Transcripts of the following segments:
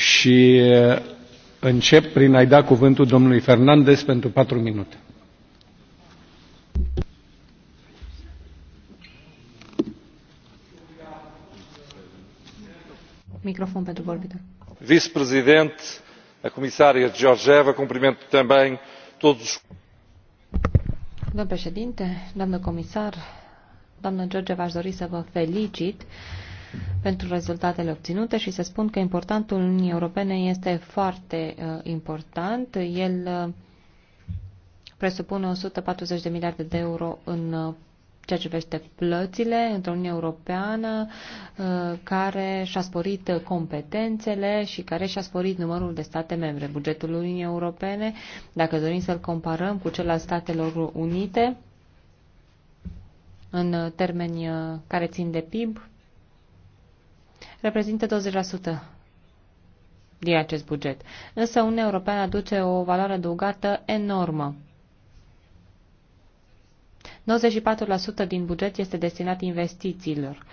și încep prin a-i da cuvântul domnului Fernandez pentru patru minute. Microfon pentru vorbitor. Vice-presidente, a comisaria Georgieva, cumprimento também todos os... Domnul președinte, doamnă comisar, doamnă Georgieva, aș dori să vă felicit uh, pentru rezultatele obținute și să spun că importantul Uniunii Europene este foarte uh, important. El uh, presupune 140 de miliarde de euro în uh, ceea ce privește plățile într-o Uniune Europeană uh, care și-a sporit competențele și care și-a sporit numărul de state membre. Bugetul Uniunii Europene, dacă dorim să-l comparăm cu cel al Statelor Unite, în uh, termeni uh, care țin de PIB, reprezintă 20% din acest buget. Însă Uniunea Europeană aduce o valoare adăugată enormă. 94% din buget este destinat investițiilor.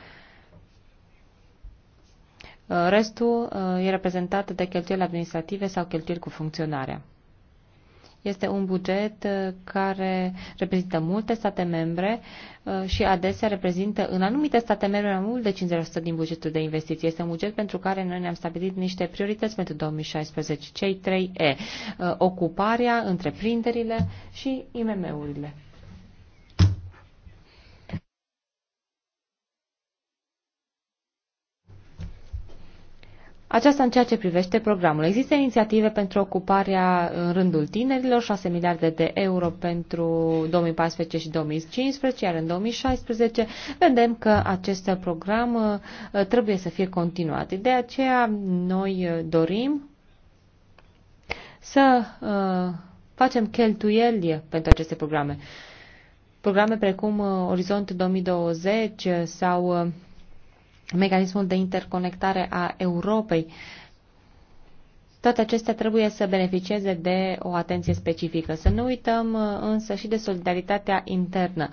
Restul uh, e reprezentat de cheltuieli administrative sau cheltuieli cu funcționarea. Este un buget uh, care reprezintă multe state membre uh, și adesea reprezintă în anumite state membre mai mult de 50% din bugetul de investiții. Este un buget pentru care noi ne-am stabilit niște priorități pentru 2016, cei 3 E, uh, ocuparea, întreprinderile și IMM-urile. Aceasta în ceea ce privește programul. Există inițiative pentru ocuparea în rândul tinerilor, 6 miliarde de euro pentru 2014 și 2015, iar în 2016 vedem că acest program uh, trebuie să fie continuat. De aceea noi uh, dorim să uh, facem cheltuieli pentru aceste programe. Programe precum Orizont 2020 sau mecanismul de interconectare a Europei. Toate acestea trebuie să beneficieze de o atenție specifică. Să nu uităm uh, însă și de solidaritatea internă.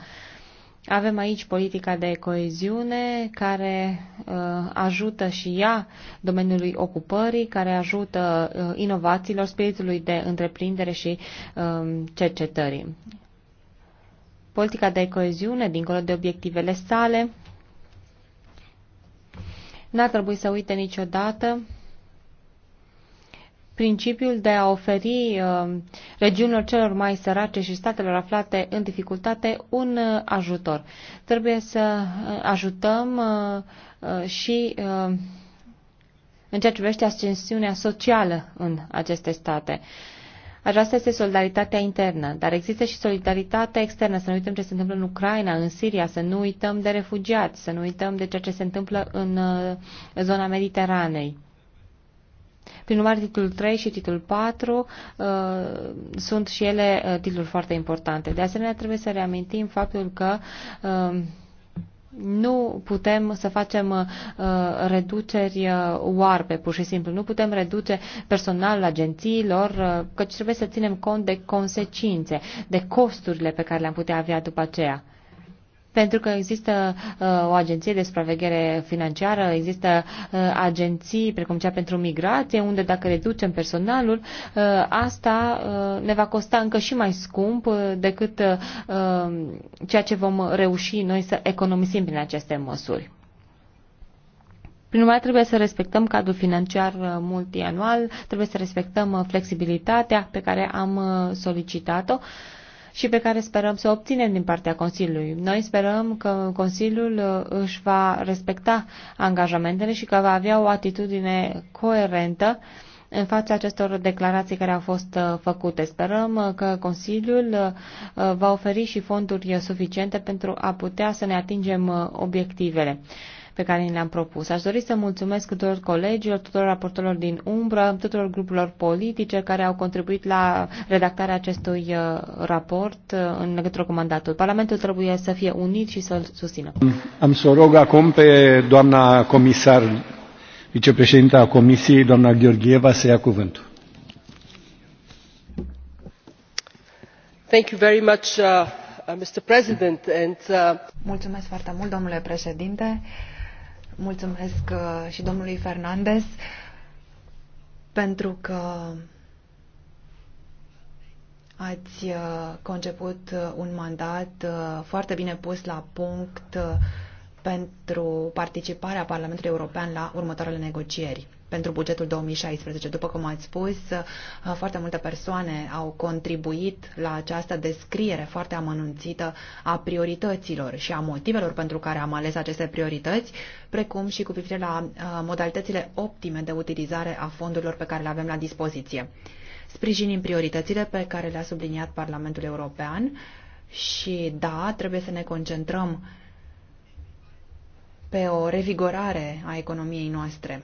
Avem aici politica de coeziune care uh, ajută și ea domeniului ocupării, care ajută uh, inovațiilor, spiritului de întreprindere și uh, cercetării. Politica de coeziune, dincolo de obiectivele sale, N-ar trebui să uite niciodată principiul de a oferi uh, regiunilor celor mai sărace și statelor aflate în dificultate un uh, ajutor. Trebuie să uh, ajutăm uh, uh și uh, în ceea ce privește ascensiunea socială în aceste state. Aceasta este solidaritatea internă, dar există și solidaritatea externă. Să nu uităm ce se întâmplă în Ucraina, în Siria, să nu uităm de refugiați, să nu uităm de ceea ce se întâmplă în uh, zona Mediteranei. Prin urmare, titlul 3 și titlul 4 uh, sunt și ele uh, titluri foarte importante. De asemenea, trebuie să reamintim faptul că uh, nu putem să facem uh, reduceri uh, oarbe, pur și simplu. Nu putem reduce personalul agențiilor, uh, căci trebuie să ținem cont de consecințe, de costurile pe care le-am putea avea după aceea pentru că există uh, o agenție de supraveghere financiară, există uh, agenții precum cea pentru migrație, unde dacă reducem personalul, uh, asta uh, ne va costa încă și mai scump uh, decât uh, uh ceea ce vom reuși noi să economisim prin aceste măsuri. Prin urmare, trebuie să respectăm cadrul financiar uh, multianual, trebuie să respectăm uh, flexibilitatea pe care am solicitat-o și pe care sperăm să o obținem din partea Consiliului. Noi sperăm că Consiliul uh, își va respecta angajamentele și că va avea o atitudine coerentă în fața acestor declarații care au fost uh, făcute. Sperăm uh, că Consiliul va oferi și fonduri suficiente pentru a putea să ne atingem obiectivele pe care ni le-am propus. Aș dori să mulțumesc tuturor colegilor, tuturor raportorilor din umbră, tuturor grupurilor politice care au contribuit la redactarea acestui uh, raport uh, în legătură cu mandatul. Parlamentul trebuie să fie unit și să-l susțină. Am să o rog acum pe doamna comisar, vicepreședinta Comisiei, doamna Gheorgheva, să ia cuvântul. Thank you very much, uh, uh Mr. President. And, uh... Mulțumesc foarte mult, domnule președinte. Uh, Mulțumesc uh, și domnului Fernandez pentru că ați uh, conceput uh, un mandat foarte bine pus la punct pentru participarea Parlamentului European la următoarele negocieri pentru bugetul 2016. După cum ați spus, uh, foarte multe persoane au contribuit la această descriere foarte amănunțită a priorităților și a motivelor pentru care am ales aceste priorități, precum și cu privire la uh, modalitățile optime de utilizare a fondurilor pe care le avem la dispoziție. Sprijinim prioritățile pe care le-a subliniat Parlamentul European și, da, trebuie să ne concentrăm pe o revigorare a economiei noastre.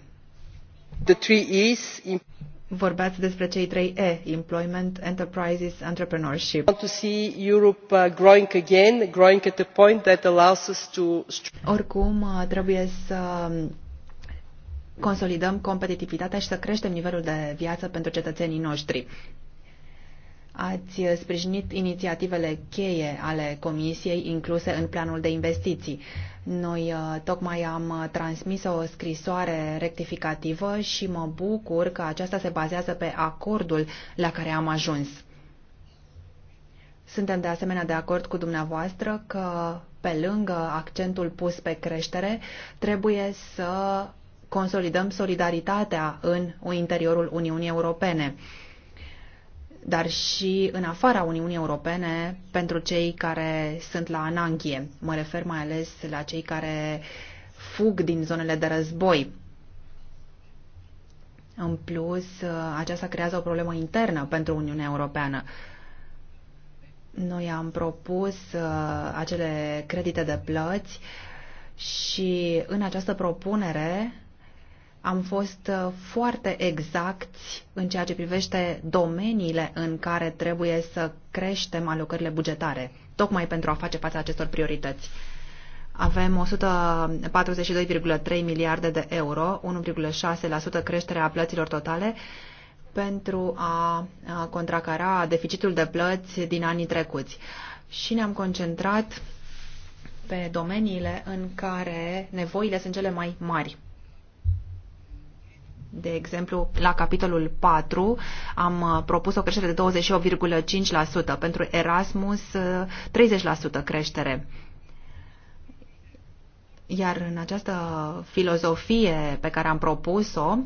Vorbeați despre cei trei E, employment, enterprises, entrepreneurship. Oricum, trebuie să um, consolidăm competitivitatea și să creștem nivelul de viață pentru cetățenii noștri. Ați uh, sprijinit inițiativele cheie ale Comisiei incluse în planul de investiții. Noi uh, tocmai am uh, transmis o scrisoare rectificativă și mă bucur că aceasta se bazează pe acordul la care am ajuns. Suntem de asemenea de acord cu dumneavoastră că, pe lângă accentul pus pe creștere, trebuie să consolidăm solidaritatea în interiorul Uniunii Europene dar și în afara Uniunii Europene pentru cei care sunt la ananghie. Mă refer mai ales la cei care fug din zonele de război. În plus, aceasta creează o problemă internă pentru Uniunea Europeană. Noi am propus uh, acele credite de plăți și în această propunere am fost uh, foarte exacti în ceea ce privește domeniile în care trebuie să creștem alocările bugetare, tocmai pentru a face față acestor priorități. Avem 142,3 miliarde de euro, 1,6% creșterea plăților totale pentru a contracara deficitul de plăți din anii trecuți. Și ne-am concentrat pe domeniile în care nevoile sunt cele mai mari de exemplu, la capitolul 4 am uh, propus o creștere de 28,5%, pentru Erasmus 30% uh, creștere. Iar în această filozofie pe care am propus-o,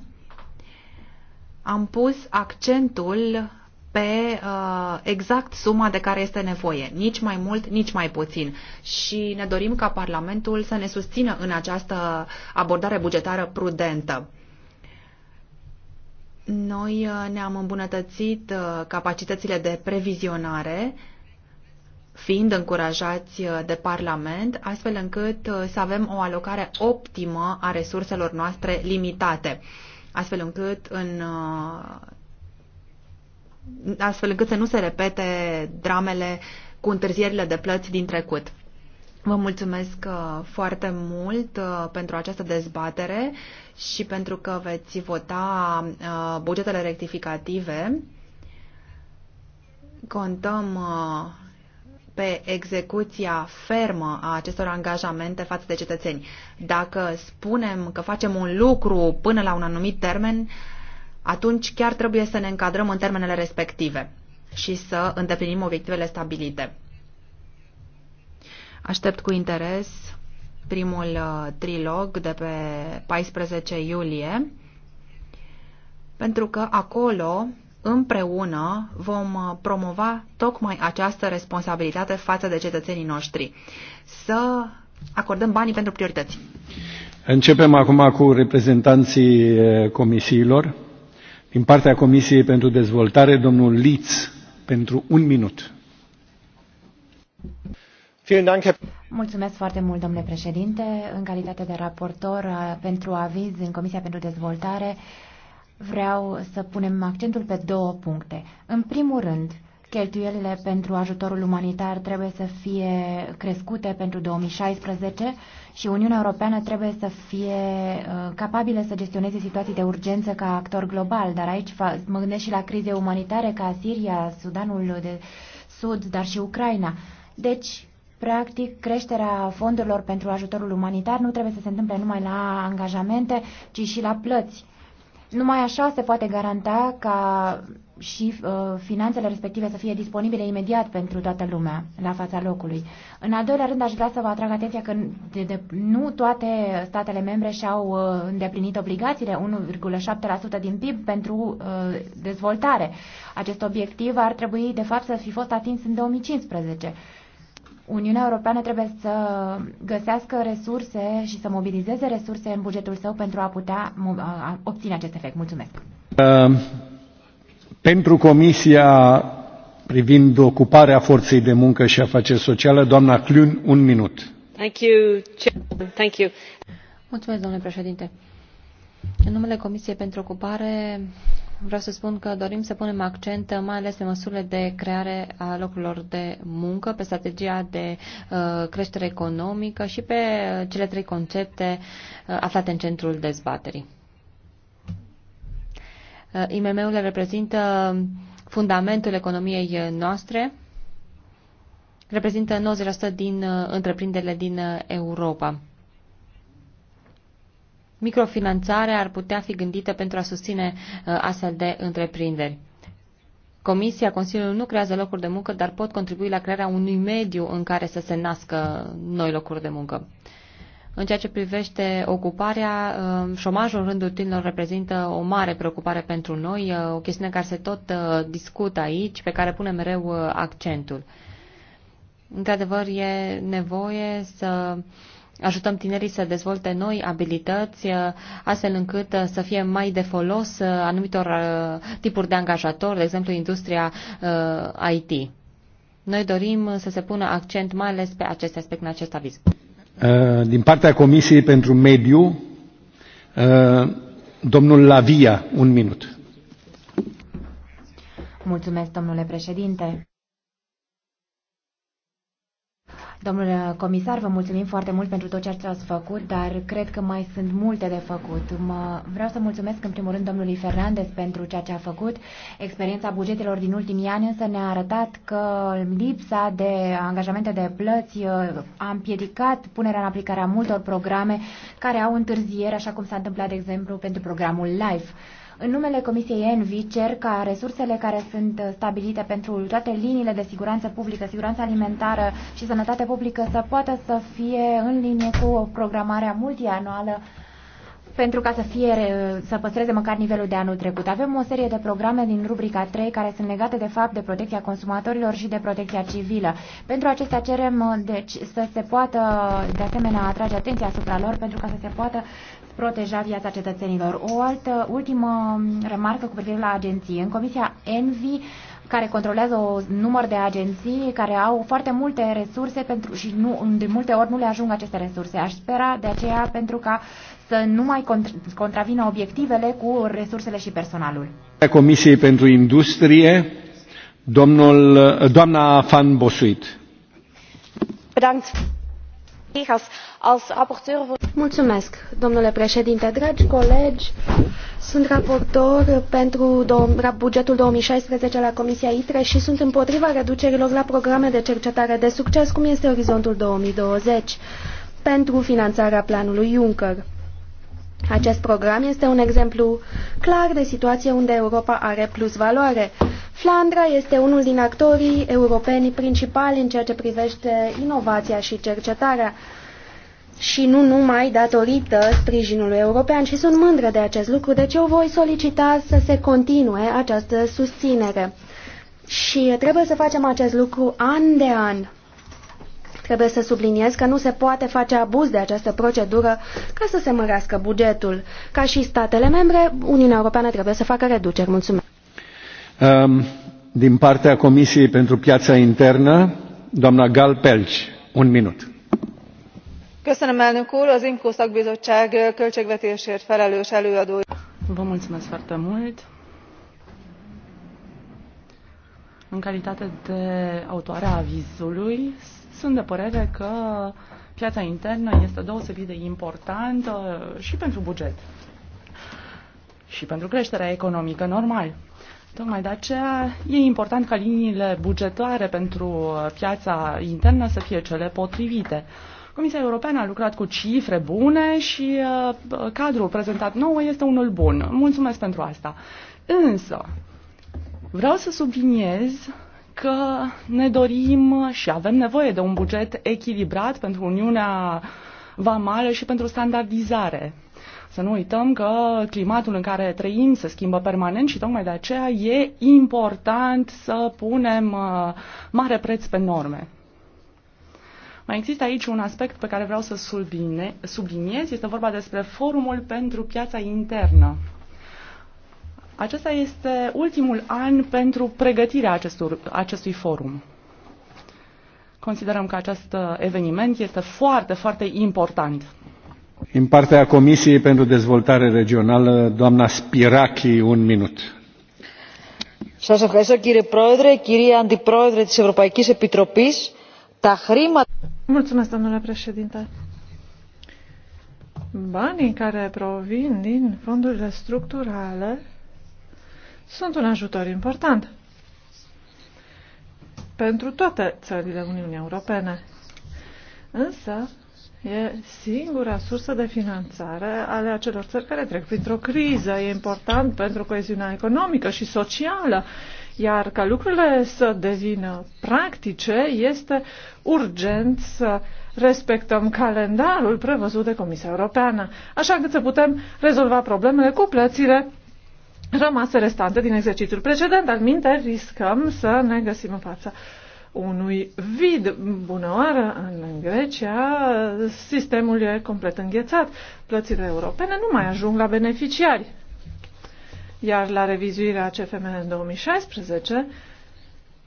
am pus accentul pe uh, exact suma de care este nevoie, nici mai mult, nici mai puțin. Și ne dorim ca Parlamentul să ne susțină în această abordare bugetară prudentă. Noi uh, ne-am îmbunătățit uh, capacitățile de previzionare, fiind încurajați uh, de Parlament, astfel încât să avem o alocare optimă a resurselor noastre limitate, astfel încât în astfel încât să nu se repete dramele cu întârzierile de plăți din trecut. Vă mulțumesc uh, foarte mult uh, pentru această dezbatere și pentru că veți vota uh, bugetele rectificative. Contăm pe execuția fermă a acestor angajamente față de cetățeni. Dacă spunem că facem un lucru până la un anumit termen, atunci chiar trebuie să ne încadrăm în termenele respective și să îndeplinim obiectivele stabilite. Aștept cu interes primul uh, trilog de pe 14 iulie, pentru că acolo împreună vom uh, promova tocmai această responsabilitate față de cetățenii noștri. Să acordăm banii pentru priorități. Începem acum cu reprezentanții uh, comisiilor. Din partea Comisiei pentru Dezvoltare, domnul Liț, pentru un minut. Mulțumesc foarte mult, domnule președinte. În calitate de raportor pentru aviz în Comisia pentru Dezvoltare, vreau să punem accentul pe două puncte. În primul rând, cheltuielile pentru ajutorul umanitar trebuie să fie crescute pentru 2016 și Uniunea Europeană trebuie să fie capabilă să gestioneze situații de urgență ca actor global, dar aici mă gândesc și la crize umanitare ca Siria, Sudanul de Sud, dar și Ucraina. Deci, Practic, creșterea fondurilor pentru ajutorul umanitar nu trebuie să se întâmple numai la angajamente, ci și la plăți. Numai așa se poate garanta ca și uh, finanțele respective să fie disponibile imediat pentru toată lumea la fața locului. În al doilea rând, aș vrea să vă atrag atenția că de, de, nu toate statele membre și-au uh, îndeplinit obligațiile 1,7% din PIB pentru uh, dezvoltare. Acest obiectiv ar trebui, de fapt, să fi fost atins în 2015. Uniunea Europeană trebuie să găsească resurse și să mobilizeze resurse în bugetul său pentru a putea obține acest efect. Mulțumesc. Uh, pentru Comisia privind ocuparea forței de muncă și afaceri sociale, doamna Clun, un minut. Thank you. Thank you. Mulțumesc, domnule președinte. În numele Comisiei pentru Ocupare Vreau să spun că dorim să punem accent mai ales pe măsurile de creare a locurilor de muncă, pe strategia de uh, creștere economică și pe uh, cele trei concepte uh, aflate în centrul dezbaterii. IMM-urile reprezintă fundamentul economiei noastre, reprezintă 90% din întreprinderile din Europa. Microfinanțare ar putea fi gândită pentru a susține uh, astfel de întreprinderi. Comisia, Consiliul nu creează locuri de muncă, dar pot contribui la crearea unui mediu în care să se nască noi locuri de muncă. În ceea ce privește ocuparea, uh, șomajul în rândul tinerilor reprezintă o mare preocupare pentru noi, uh, o chestiune care se tot discută aici, pe care punem mereu accentul. Într-adevăr, e nevoie să ajutăm tinerii să dezvolte noi abilități, uh, astfel încât uh, să fie mai de folos uh, anumitor tipuri de angajatori, de exemplu industria IT. Noi dorim să se pună accent mai ales pe acest aspect în acest aviz. Din partea Comisiei pentru Mediu, domnul Lavia, un minut. Mulțumesc, domnule președinte. Domnule comisar, vă mulțumim foarte mult pentru tot ce ați făcut, dar cred că mai sunt multe de făcut. Mă, vreau să mulțumesc în primul rând domnului Fernandez pentru ceea ce a făcut. Experiența bugetelor din ultimii ani însă ne-a arătat că lipsa de angajamente de plăți uh, a împiedicat punerea în aplicare a multor programe care au întârzieri, așa cum s-a întâmplat, de exemplu, pentru programul LIFE. În numele Comisiei ENVI cer ca resursele care sunt stabilite pentru toate liniile de siguranță publică, siguranță alimentară și sănătate publică să poată să fie în linie cu o programare multianuală pentru ca să, fie, să păstreze măcar nivelul de anul trecut. Avem o serie de programe din rubrica 3 care sunt legate de fapt de protecția consumatorilor și de protecția civilă. Pentru acestea cerem deci, să se poată de asemenea atrage atenția asupra lor pentru ca să se poată proteja viața cetățenilor. O altă ultimă remarcă cu privire la agenții. În Comisia Envi care controlează un număr de agenții care au foarte multe resurse pentru, și nu, de multe ori nu le ajung aceste resurse. Aș spera de aceea pentru ca să nu mai contravină obiectivele cu resursele și personalul. Comisiei pentru Industrie, domnul, doamna Fan Bosuit. Mulțumesc. Mulțumesc, domnule președinte. Dragi colegi, sunt raportor pentru bugetul 2016 la Comisia ITRE și sunt împotriva reducerilor la programe de cercetare de succes, cum este Orizontul 2020, pentru finanțarea planului Juncker. Acest program este un exemplu clar de situație unde Europa are plus valoare Flandra este unul din actorii europeni principali în ceea ce privește inovația și cercetarea și nu numai datorită sprijinului european și sunt mândră de acest lucru, deci eu voi solicita să se continue această susținere. Și trebuie să facem acest lucru an de an. Trebuie să subliniez că nu se poate face abuz de această procedură ca să se mărească bugetul. Ca și statele membre, Uniunea Europeană trebuie să facă reduceri. Mulțumesc! Ehm, din partea comisiei pentru piața internă doamna gal pelcz un minut. elnök úr az imco szakbizottság költségvetésért felelős előadó. vă mulțumesc foarte mult. în calitate de autoare a avizului sunt de părere că piața internă este deosebit de importantă și pentru buget și pentru creșterea economică normal. Tocmai de aceea e important ca liniile bugetare pentru piața internă să fie cele potrivite. Comisia Europeană a lucrat cu cifre bune și uh, cadrul prezentat nou este unul bun. Mulțumesc pentru asta. Însă, vreau să subliniez că ne dorim și avem nevoie de un buget echilibrat pentru Uniunea Vamală și pentru standardizare. Să nu uităm că climatul în care trăim se schimbă permanent și tocmai de aceea e important să punem uh, mare preț pe norme. Mai există aici un aspect pe care vreau să subline, subliniez. Este vorba despre forumul pentru piața internă. Acesta este ultimul an pentru pregătirea acestor, acestui forum. Considerăm că acest eveniment este foarte, foarte important. Din partea Comisiei pentru Dezvoltare Regională, doamna Spiraki, un minut. Σας ευχαριστώ κύριε Πρόεδρε, κυρία Αντιπρόεδρε της Ευρωπαϊκής Επιτροπής. Τα χρήματα... Mulțumesc, domnule președinte. Banii care provin din fondurile structurale sunt un ajutor important pentru toate țările Uniunii Europene. Însă, E singura sursă de finanțare ale acelor țări care trec printr-o criză. E important pentru coeziunea economică și socială. Iar ca lucrurile să devină practice, este urgent să respectăm calendarul prevăzut de Comisia Europeană, așa că să putem rezolva problemele cu plățile rămase restante din exercițiul precedent. Al minte, riscăm să ne găsim în fața unui vid. Bună oară, în Grecia sistemul e complet înghețat. Plățile europene nu mai ajung la beneficiari. Iar la revizuirea CFM în 2016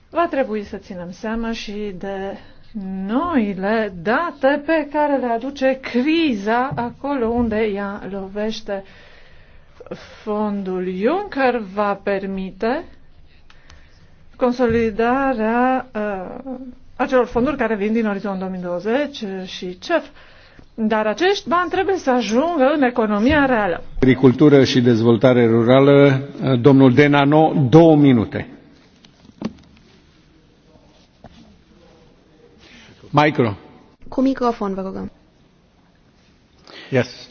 va trebui să ținem seama și de noile date pe care le aduce criza acolo unde ea lovește. Fondul Juncker va permite consolidarea uh, acelor fonduri care vin din Orizont 2020 uh, și CEF. Dar acești bani trebuie să ajungă în economia reală. Agricultură și dezvoltare rurală, uh, domnul Denano, două minute. Micro. Cu microfon, vă rugăm. Yes.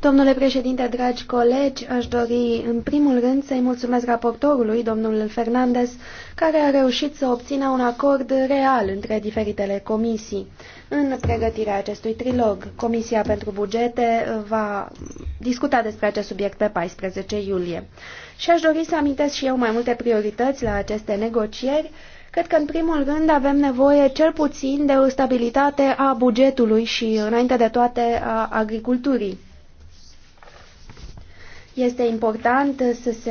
Domnule președinte, dragi colegi, aș dori în primul rând să-i mulțumesc raportorului, domnul Fernandez, care a reușit să obțină un acord real între diferitele comisii. În pregătirea acestui trilog, Comisia pentru Bugete va discuta despre acest subiect pe 14 iulie. Și aș dori să amintesc și eu mai multe priorități la aceste negocieri, Cred că, în primul rând, avem nevoie cel puțin de o stabilitate a bugetului și, înainte de toate, a agriculturii. Este important să se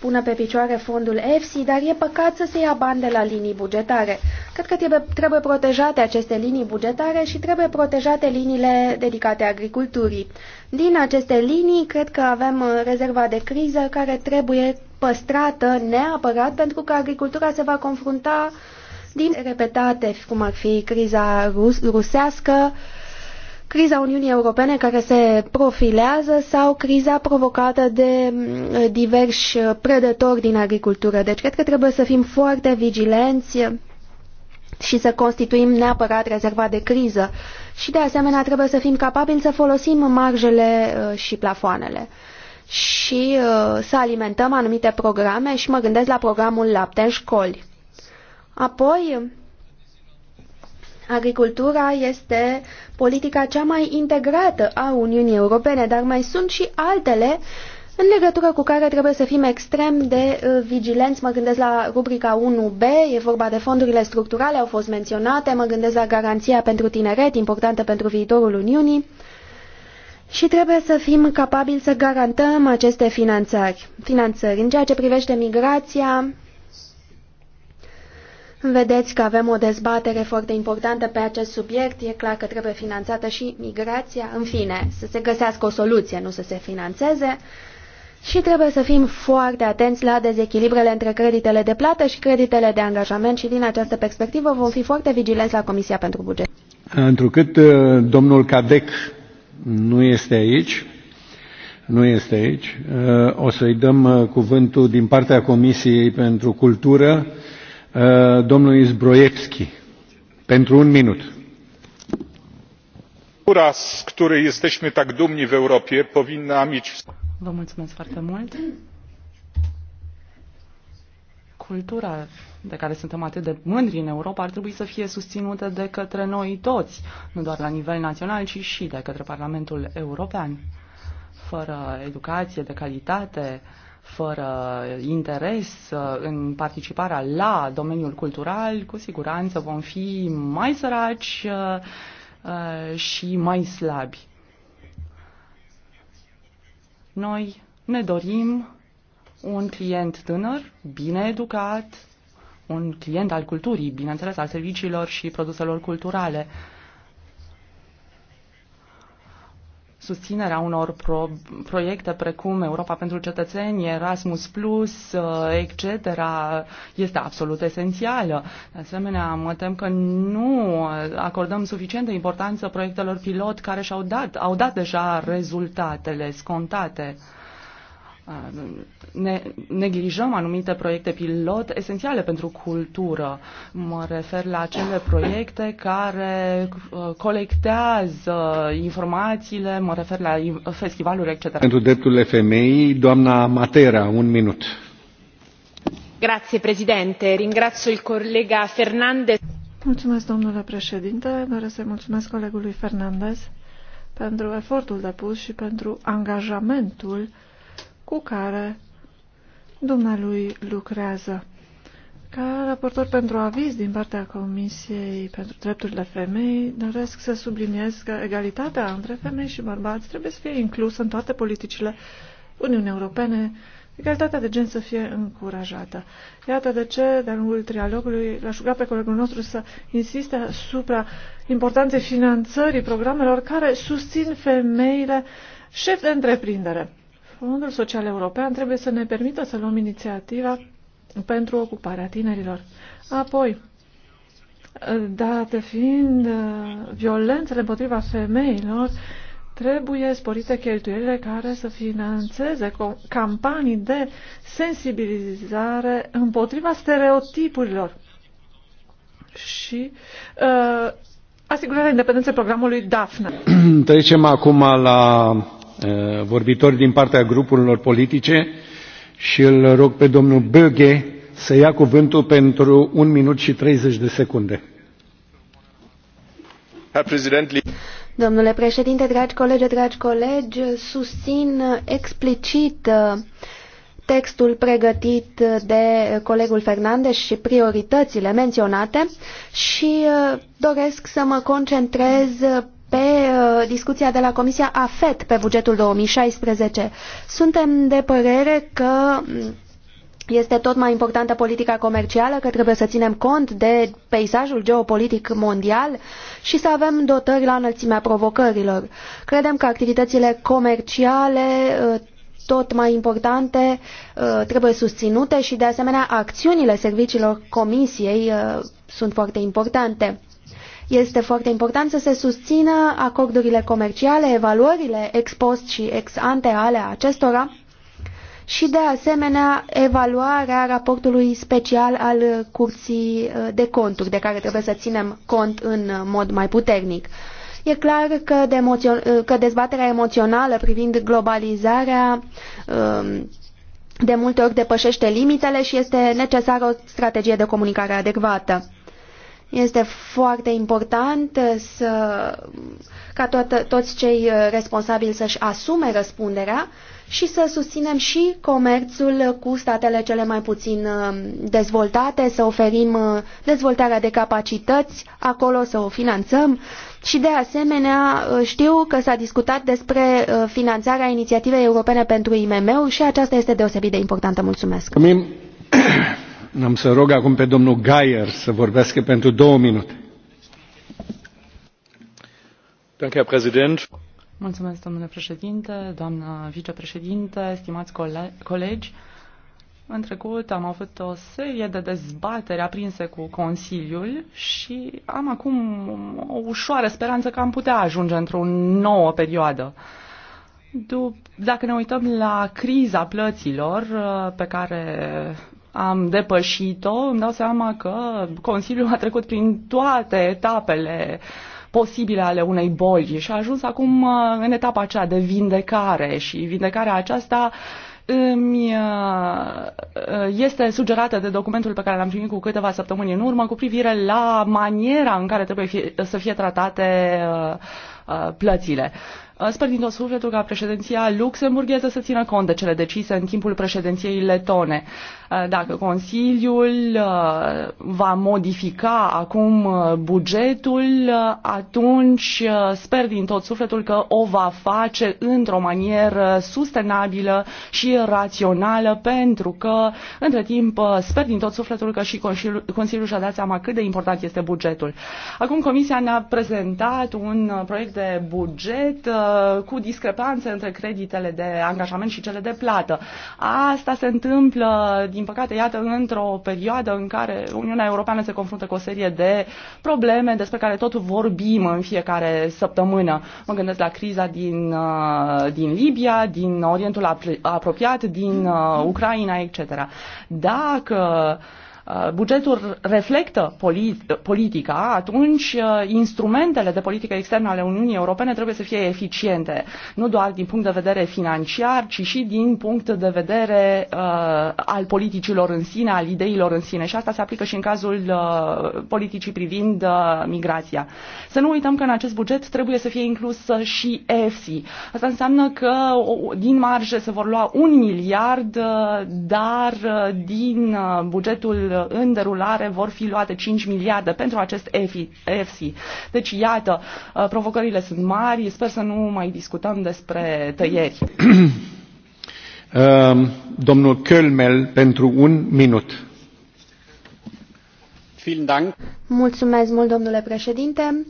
pună pe picioare fondul EFSI, dar e păcat să se ia bani de la linii bugetare. Cred că trebuie, trebuie protejate aceste linii bugetare și trebuie protejate liniile dedicate agriculturii. Din aceste linii, cred că avem uh, rezerva de criză care trebuie păstrată neapărat pentru că agricultura se va confrunta din repetate, cum ar fi criza rus, rusească, criza Uniunii Europene care se profilează sau criza provocată de mm, diversi prădători din agricultură. Deci cred că trebuie să fim foarte vigilenți și să constituim neapărat rezerva de criză și de asemenea trebuie să fim capabili să folosim marjele uh, și plafoanele și uh, să alimentăm anumite programe și mă gândesc la programul lapte în școli. Apoi, Agricultura este politica cea mai integrată a Uniunii Europene, dar mai sunt și altele în legătură cu care trebuie să fim extrem de uh, vigilenți. Mă gândesc la rubrica 1B, e vorba de fondurile structurale, au fost menționate, mă gândesc la garanția pentru tineret, importantă pentru viitorul Uniunii. Și trebuie să fim capabili să garantăm aceste finanțări. finanțări. În ceea ce privește migrația, Vedeți că avem o dezbatere foarte importantă pe acest subiect. E clar că trebuie finanțată și migrația. În fine, să se găsească o soluție, nu să se financeze. Și trebuie să fim foarte atenți la dezechilibrele între creditele de plată și creditele de angajament și din această perspectivă vom fi foarte vigilenți la Comisia pentru Buget. Întrucât uh, domnul Cadec nu este aici, nu este aici, uh, o să-i dăm uh, cuvântul din partea Comisiei pentru Cultură, Uh, domnului zdrojewski pentru un minut. kultura z której jesteśmy tak dumni w europie powinna mieć. Vă mulțumesc foarte mult. Cultura de care suntem atât de mândri în Europa ar trebui să fie susținută de către noi toți, nu doar la nivel național, ci și de către Parlamentul European. Fără educație de calitate, uh, fără interes uh, în participarea la domeniul cultural, cu siguranță vom fi mai săraci uh, uh, și mai slabi. Noi ne dorim un client tânăr, bine educat, un client al culturii, bineînțeles, al serviciilor și produselor culturale. Uh, susținerea unor pro- proiecte precum Europa pentru cetățeni, Erasmus Plus, uh, etc. este absolut esențială. De asemenea, mă tem că nu acordăm suficientă importanță proiectelor pilot care și-au dat, au dat deja rezultatele scontate ne neglijăm anumite proiecte pilot esențiale pentru cultură. Mă refer la acele proiecte care uh, colectează informațiile, mă refer la festivaluri, etc. Pentru drepturile femeii, doamna Matera, un minut. Grazie, președinte. Ringrazio il collega Fernandez. Mulțumesc, domnule președinte. Doresc să mulțumesc colegului Fernandez pentru efortul depus și pentru angajamentul uh, cu care dumnealui lucrează. Ca raportor pentru aviz din partea Comisiei pentru Drepturile Femei, doresc să subliniez că egalitatea între femei și bărbați trebuie să fie inclusă în toate politicile Uniunii Europene, egalitatea de gen să fie încurajată. Iată de ce, de-a lungul trialogului, l-aș pe colegul nostru să insiste asupra importanței finanțării programelor care susțin femeile șef de întreprindere. Fondul Social European trebuie să ne permită să luăm inițiativa pentru ocuparea tinerilor. Apoi, dată fiind uh, violențele împotriva femeilor, trebuie sporite cheltuielile care să financeze campanii de sensibilizare împotriva stereotipurilor și uh, asigurarea independenței programului DAFNA. Trecem acum la Uh, vorbitori din partea grupurilor politice și îl rog pe domnul Böge să ia cuvântul pentru un minut și 30 de secunde. Domnule președinte, dragi colegi, dragi colegi, susțin explicit uh, textul pregătit de colegul Fernandez și prioritățile menționate și uh, doresc să mă concentrez pe uh, discuția de la Comisia AFET pe bugetul 2016. Suntem de părere că este tot mai importantă politica comercială, că trebuie să ținem cont de peisajul geopolitic mondial și să avem dotări la înălțimea provocărilor. Credem că activitățile comerciale uh, tot mai importante uh, trebuie susținute și de asemenea acțiunile serviciilor comisiei sunt foarte importante. Este foarte important să se susțină acordurile comerciale, evaluările ex post și ex ante ale acestora și, de asemenea, evaluarea raportului special al Curții uh, de Conturi, de care trebuie să ținem cont în mod mai puternic. E clar că, de uh, că dezbaterea emoțională privind globalizarea um, de multe ori depășește limitele și este necesară o strategie de comunicare adecvată. Este foarte important uh, să, ca toată, toți cei uh, responsabili să-și asume răspunderea și să susținem și comerțul cu statele cele mai puțin uh, dezvoltate, să oferim dezvoltarea de capacități acolo, să o finanțăm. Și de asemenea știu că s-a discutat despre finanțarea inițiativei europene pentru IMM-uri și aceasta este deosebit de importantă. Mulțumesc! Mulțumim. Am să rog acum pe domnul Gaier să vorbească pentru două minute. Mulțumesc, domnule președinte, doamnă vicepreședinte, stimați colegi. În trecut am avut o serie de dezbateri aprinse cu Consiliul și am acum o ușoară speranță că am putea ajunge într-o nouă perioadă. Dacă ne uităm la criza plăților pe care am depășit-o, îmi dau seama că Consiliul a trecut prin toate etapele posibile ale unei boli și a ajuns acum uh, în etapa aceea de vindecare și vindecarea aceasta îmi uh, uh, este sugerată de documentul pe care l-am primit cu câteva săptămâni în urmă cu privire la maniera în care trebuie fie, să fie tratate plățile. Uh, sper din tot sufletul ca președinția luxemburgheză să țină cont de cele decise în timpul președinției letone. Uh, dacă Consiliul uh, va modifica acum bugetul, atunci sper din tot sufletul că o va face într-o manieră sustenabilă și rațională, pentru că, între timp, sper din tot sufletul că și Consiliul, și-a dat seama cât de important este bugetul. Acum Comisia ne-a prezentat un proiect de buget Uh, cu discrepanțe între creditele de angajament și cele de plată. Asta se întâmplă, din păcate, iată, într-o perioadă în care Uniunea Europeană se confruntă cu o serie de probleme despre care tot vorbim în fiecare săptămână. Mă gândesc la criza din, uh, din Libia, din Orientul apropiat, din uh, Ucraina, etc. Dacă uh, Uh, bugetul reflectă politica, atunci uh, instrumentele de politică externă ale Uniunii Europene trebuie să fie eficiente, nu doar din punct de vedere financiar, ci și din punct de vedere uh, al politicilor în sine, al ideilor în sine. Și asta se aplică și în cazul uh, politicii privind uh, migrația. Să nu uităm că în acest buget trebuie să fie inclusă uh, și EFSI. Asta înseamnă că din marge se vor lua un miliard, dar din bugetul Uh, în derulare vor fi luate 5 miliarde pentru acest EFSI. Deci, iată, uh, provocările sunt mari, sper să nu mai discutăm despre tăieri. Um, domnul Kölmel pentru un minut. Mulțumesc mult, domnule președinte.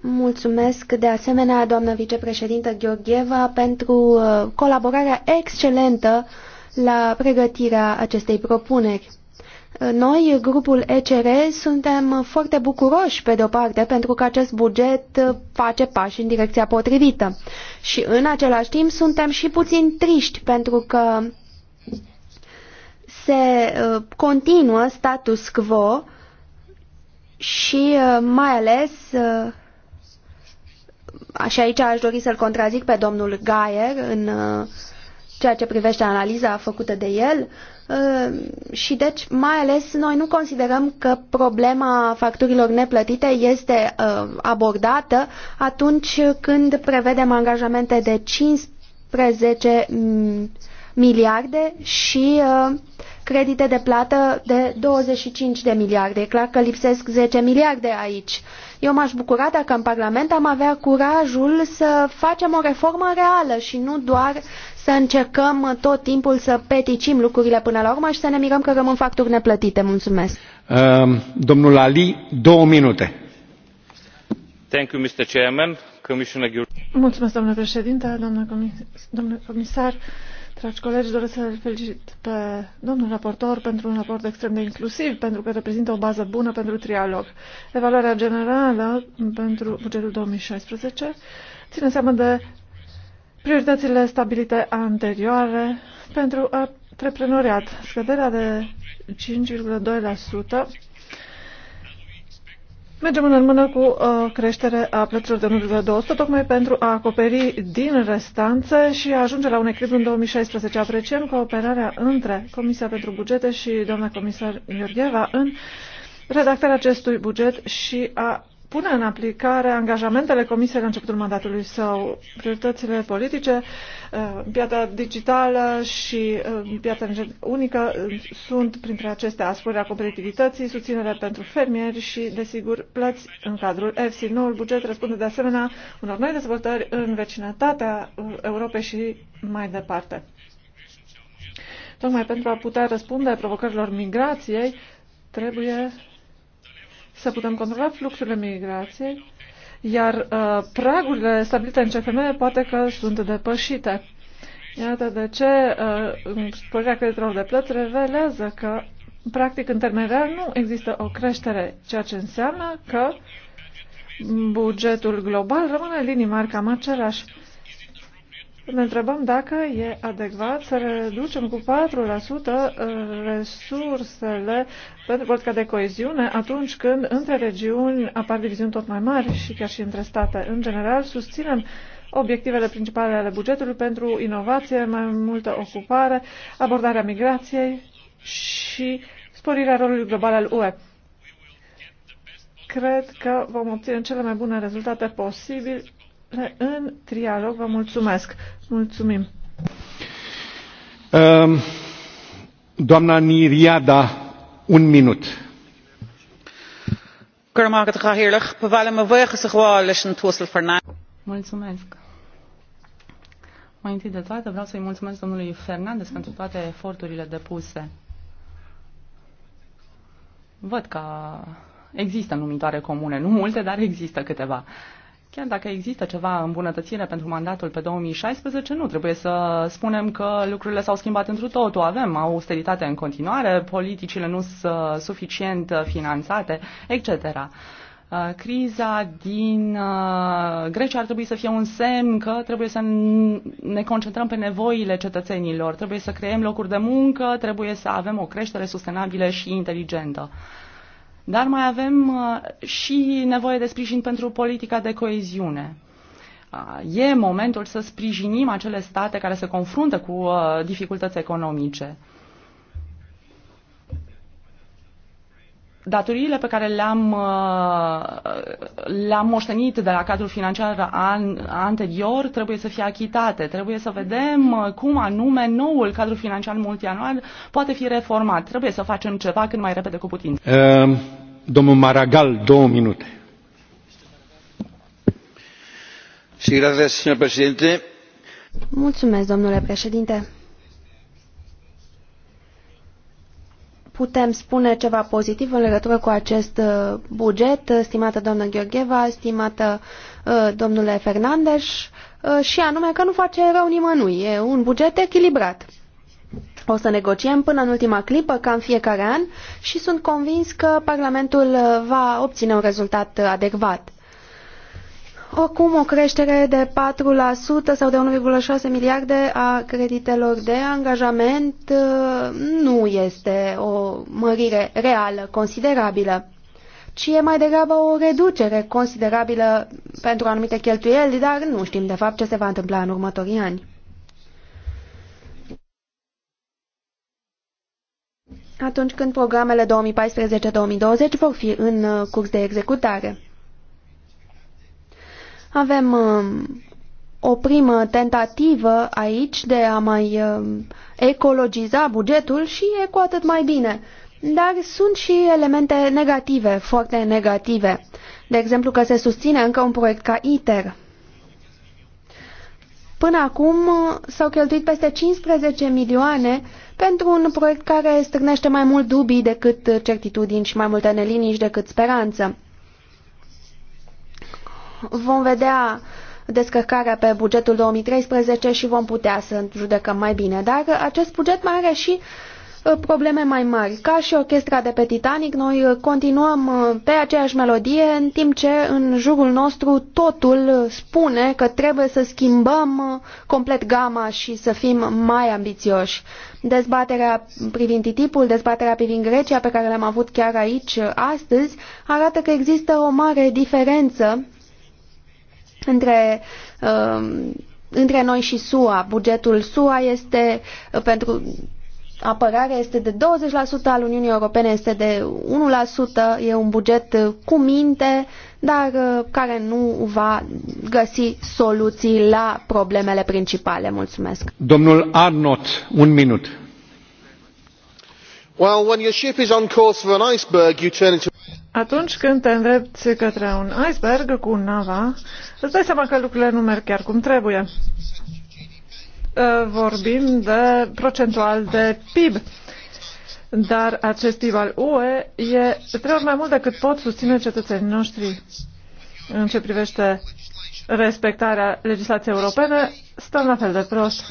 Mulțumesc de asemenea, doamnă vicepreședintă Gheorgheva, pentru uh, colaborarea excelentă la pregătirea acestei propuneri. Noi, grupul ECR, suntem foarte bucuroși, pe de-o parte, pentru că acest buget face pași în direcția potrivită. Și în același timp suntem și puțin triști, pentru că se uh, continuă status quo și uh, mai ales, uh, și aici aș dori să-l contrazic pe domnul Gaier în ceea ce privește analiza făcută de el uh, și deci mai ales noi nu considerăm că problema facturilor neplătite este uh, abordată atunci când prevedem angajamente de 15 mm, miliarde și uh, credite de plată de 25 de miliarde. E clar că lipsesc 10 miliarde aici. Eu m-aș bucura dacă în Parlament am avea curajul să facem o reformă reală și nu doar să încercăm uh, tot timpul să peticim lucrurile până la urmă și să ne mirăm că rămân facturi neplătite. Mulțumesc. Uh, domnul Ali, două minute. Thank you, Mr. Chairman. Commissioner... Mulțumesc, domnule președinte, domnule, comis domnule comisar. Dragi colegi, doresc să-l felicit pe domnul raportor pentru un raport extrem de inclusiv, pentru că reprezintă o bază bună pentru trialog. Evaluarea generală pentru bugetul 2016 ține seama de prioritățile stabilite anterioare pentru antreprenoriat. Scăderea de 5,2% mergem în mână cu o uh, creștere a plăților de 1,2% tocmai pentru a acoperi din restanțe și a ajunge la un echilibru în 2016. Apreciem cooperarea între Comisia pentru Bugete și doamna comisar Iorgheva în redactarea acestui buget și a pune în aplicare angajamentele Comisiei la începutul mandatului său, prioritățile politice, uh, piața digitală și uh, piața unică uh, sunt printre acestea sporirea competitivității, susținere pentru fermieri și, desigur, plăți în cadrul EFSI. Noul buget răspunde de asemenea unor noi dezvoltări în vecinătatea Europei și mai departe. Tocmai pentru a putea răspunde provocărilor migrației, trebuie să putem controla fluxurile migrației, iar uh, pragurile stabilite în CFM poate că sunt depășite. Iată de ce uh, sporirea creditelor de plăți revelează că, practic, în termen real nu există o creștere, ceea ce înseamnă că bugetul global rămâne în linii mari cam același. Ne întrebăm dacă e adecvat să reducem cu 4% uh, resursele pentru politica de coeziune atunci când între regiuni apar diviziuni tot mai mari și chiar și între state. În general, susținem obiectivele principale ale bugetului pentru inovație, mai multă ocupare, abordarea migrației și sporirea rolului global al UE cred că vom obține cele mai bune rezultate posibil în trialog. Vă mulțumesc. Mulțumim. Um, doamna Niriada, un minut. Mulțumesc. Mai întâi de toate vreau să-i mulțumesc domnului Fernandez pentru toate eforturile depuse. Văd că există numitoare comune, nu multe, dar există câteva. Uh, Chiar dacă există ceva îmbunătățire pentru mandatul pe 2016, nu trebuie să spunem că lucrurile s-au schimbat întru totul. Avem austeritate în continuare, politicile nu sunt uh, suficient uh, finanțate, etc. Uh, criza din Grecia ar trebui să fie un semn că trebuie să ne concentrăm pe nevoile cetățenilor, trebuie să creăm locuri de muncă, trebuie să avem o creștere sustenabilă și inteligentă. Dar mai avem uh, și nevoie de sprijin pentru politica de coeziune. Uh, e momentul să sprijinim acele state care se confruntă cu uh, dificultăți economice. datoriile pe care le-am, uh, le-am moștenit de la cadrul financiar an, anterior trebuie să fie achitate. Trebuie să vedem uh, cum anume noul cadru financiar multianual poate fi reformat. Trebuie să facem ceva cât mai repede cu putință. Uh, domnul Maragal, două minute. Sí, gracias, señor presidente. Mulțumesc, domnule președinte. putem spune ceva pozitiv în legătură cu acest uh, buget, uh, stimată doamnă Gheorgheva, stimată uh, domnule Fernandes, și anume că nu face rău nimănui. E un buget echilibrat. O să negociem până în ultima clipă, ca în fiecare an, și sunt convins că Parlamentul va obține un rezultat adecvat. Acum o creștere de 4% sau de 1,6 miliarde a creditelor de angajament uh, nu este o mărire reală, considerabilă, ci e mai degrabă o reducere considerabilă pentru anumite cheltuieli, dar nu știm de fapt ce se va întâmpla în următorii ani. atunci când programele 2014-2020 vor fi în uh, curs de executare. Avem um, o primă tentativă aici de a mai um, ecologiza bugetul și e cu atât mai bine. Dar sunt și elemente negative, foarte negative. De exemplu că se susține încă un proiect ca ITER. Până acum uh, s-au cheltuit peste 15 milioane pentru un proiect care strânește mai mult dubii decât certitudini și mai multe neliniști decât speranță vom vedea descărcarea pe bugetul 2013 și vom putea să judecăm mai bine. Dar acest buget mai are și uh, probleme mai mari. Ca și orchestra de pe Titanic, noi uh, continuăm uh, pe aceeași melodie, în timp ce în jurul nostru totul spune că trebuie să schimbăm complet gama și să fim mai ambițioși. Dezbaterea privind tipul, dezbaterea privind Grecia, pe care le-am avut chiar aici astăzi, arată că există o mare diferență între um, între noi și SUA. Bugetul SUA este pentru apărare este de 20%, al Uniunii Europene este de 1%, e un buget cu minte, dar uh, care nu va găsi soluții la problemele principale. Mulțumesc. Domnul Arnott, un minut. Well, when your ship is on course for an iceberg, you turn into atunci când te îndrepti către un iceberg cu nava, îți dai seama că lucrurile nu merg chiar cum trebuie. Uh, vorbim de procentual de PIB, dar acest PIB al UE e trei ori mai mult decât pot susține cetățenii noștri în ce privește respectarea legislației europene, stăm la fel de prost.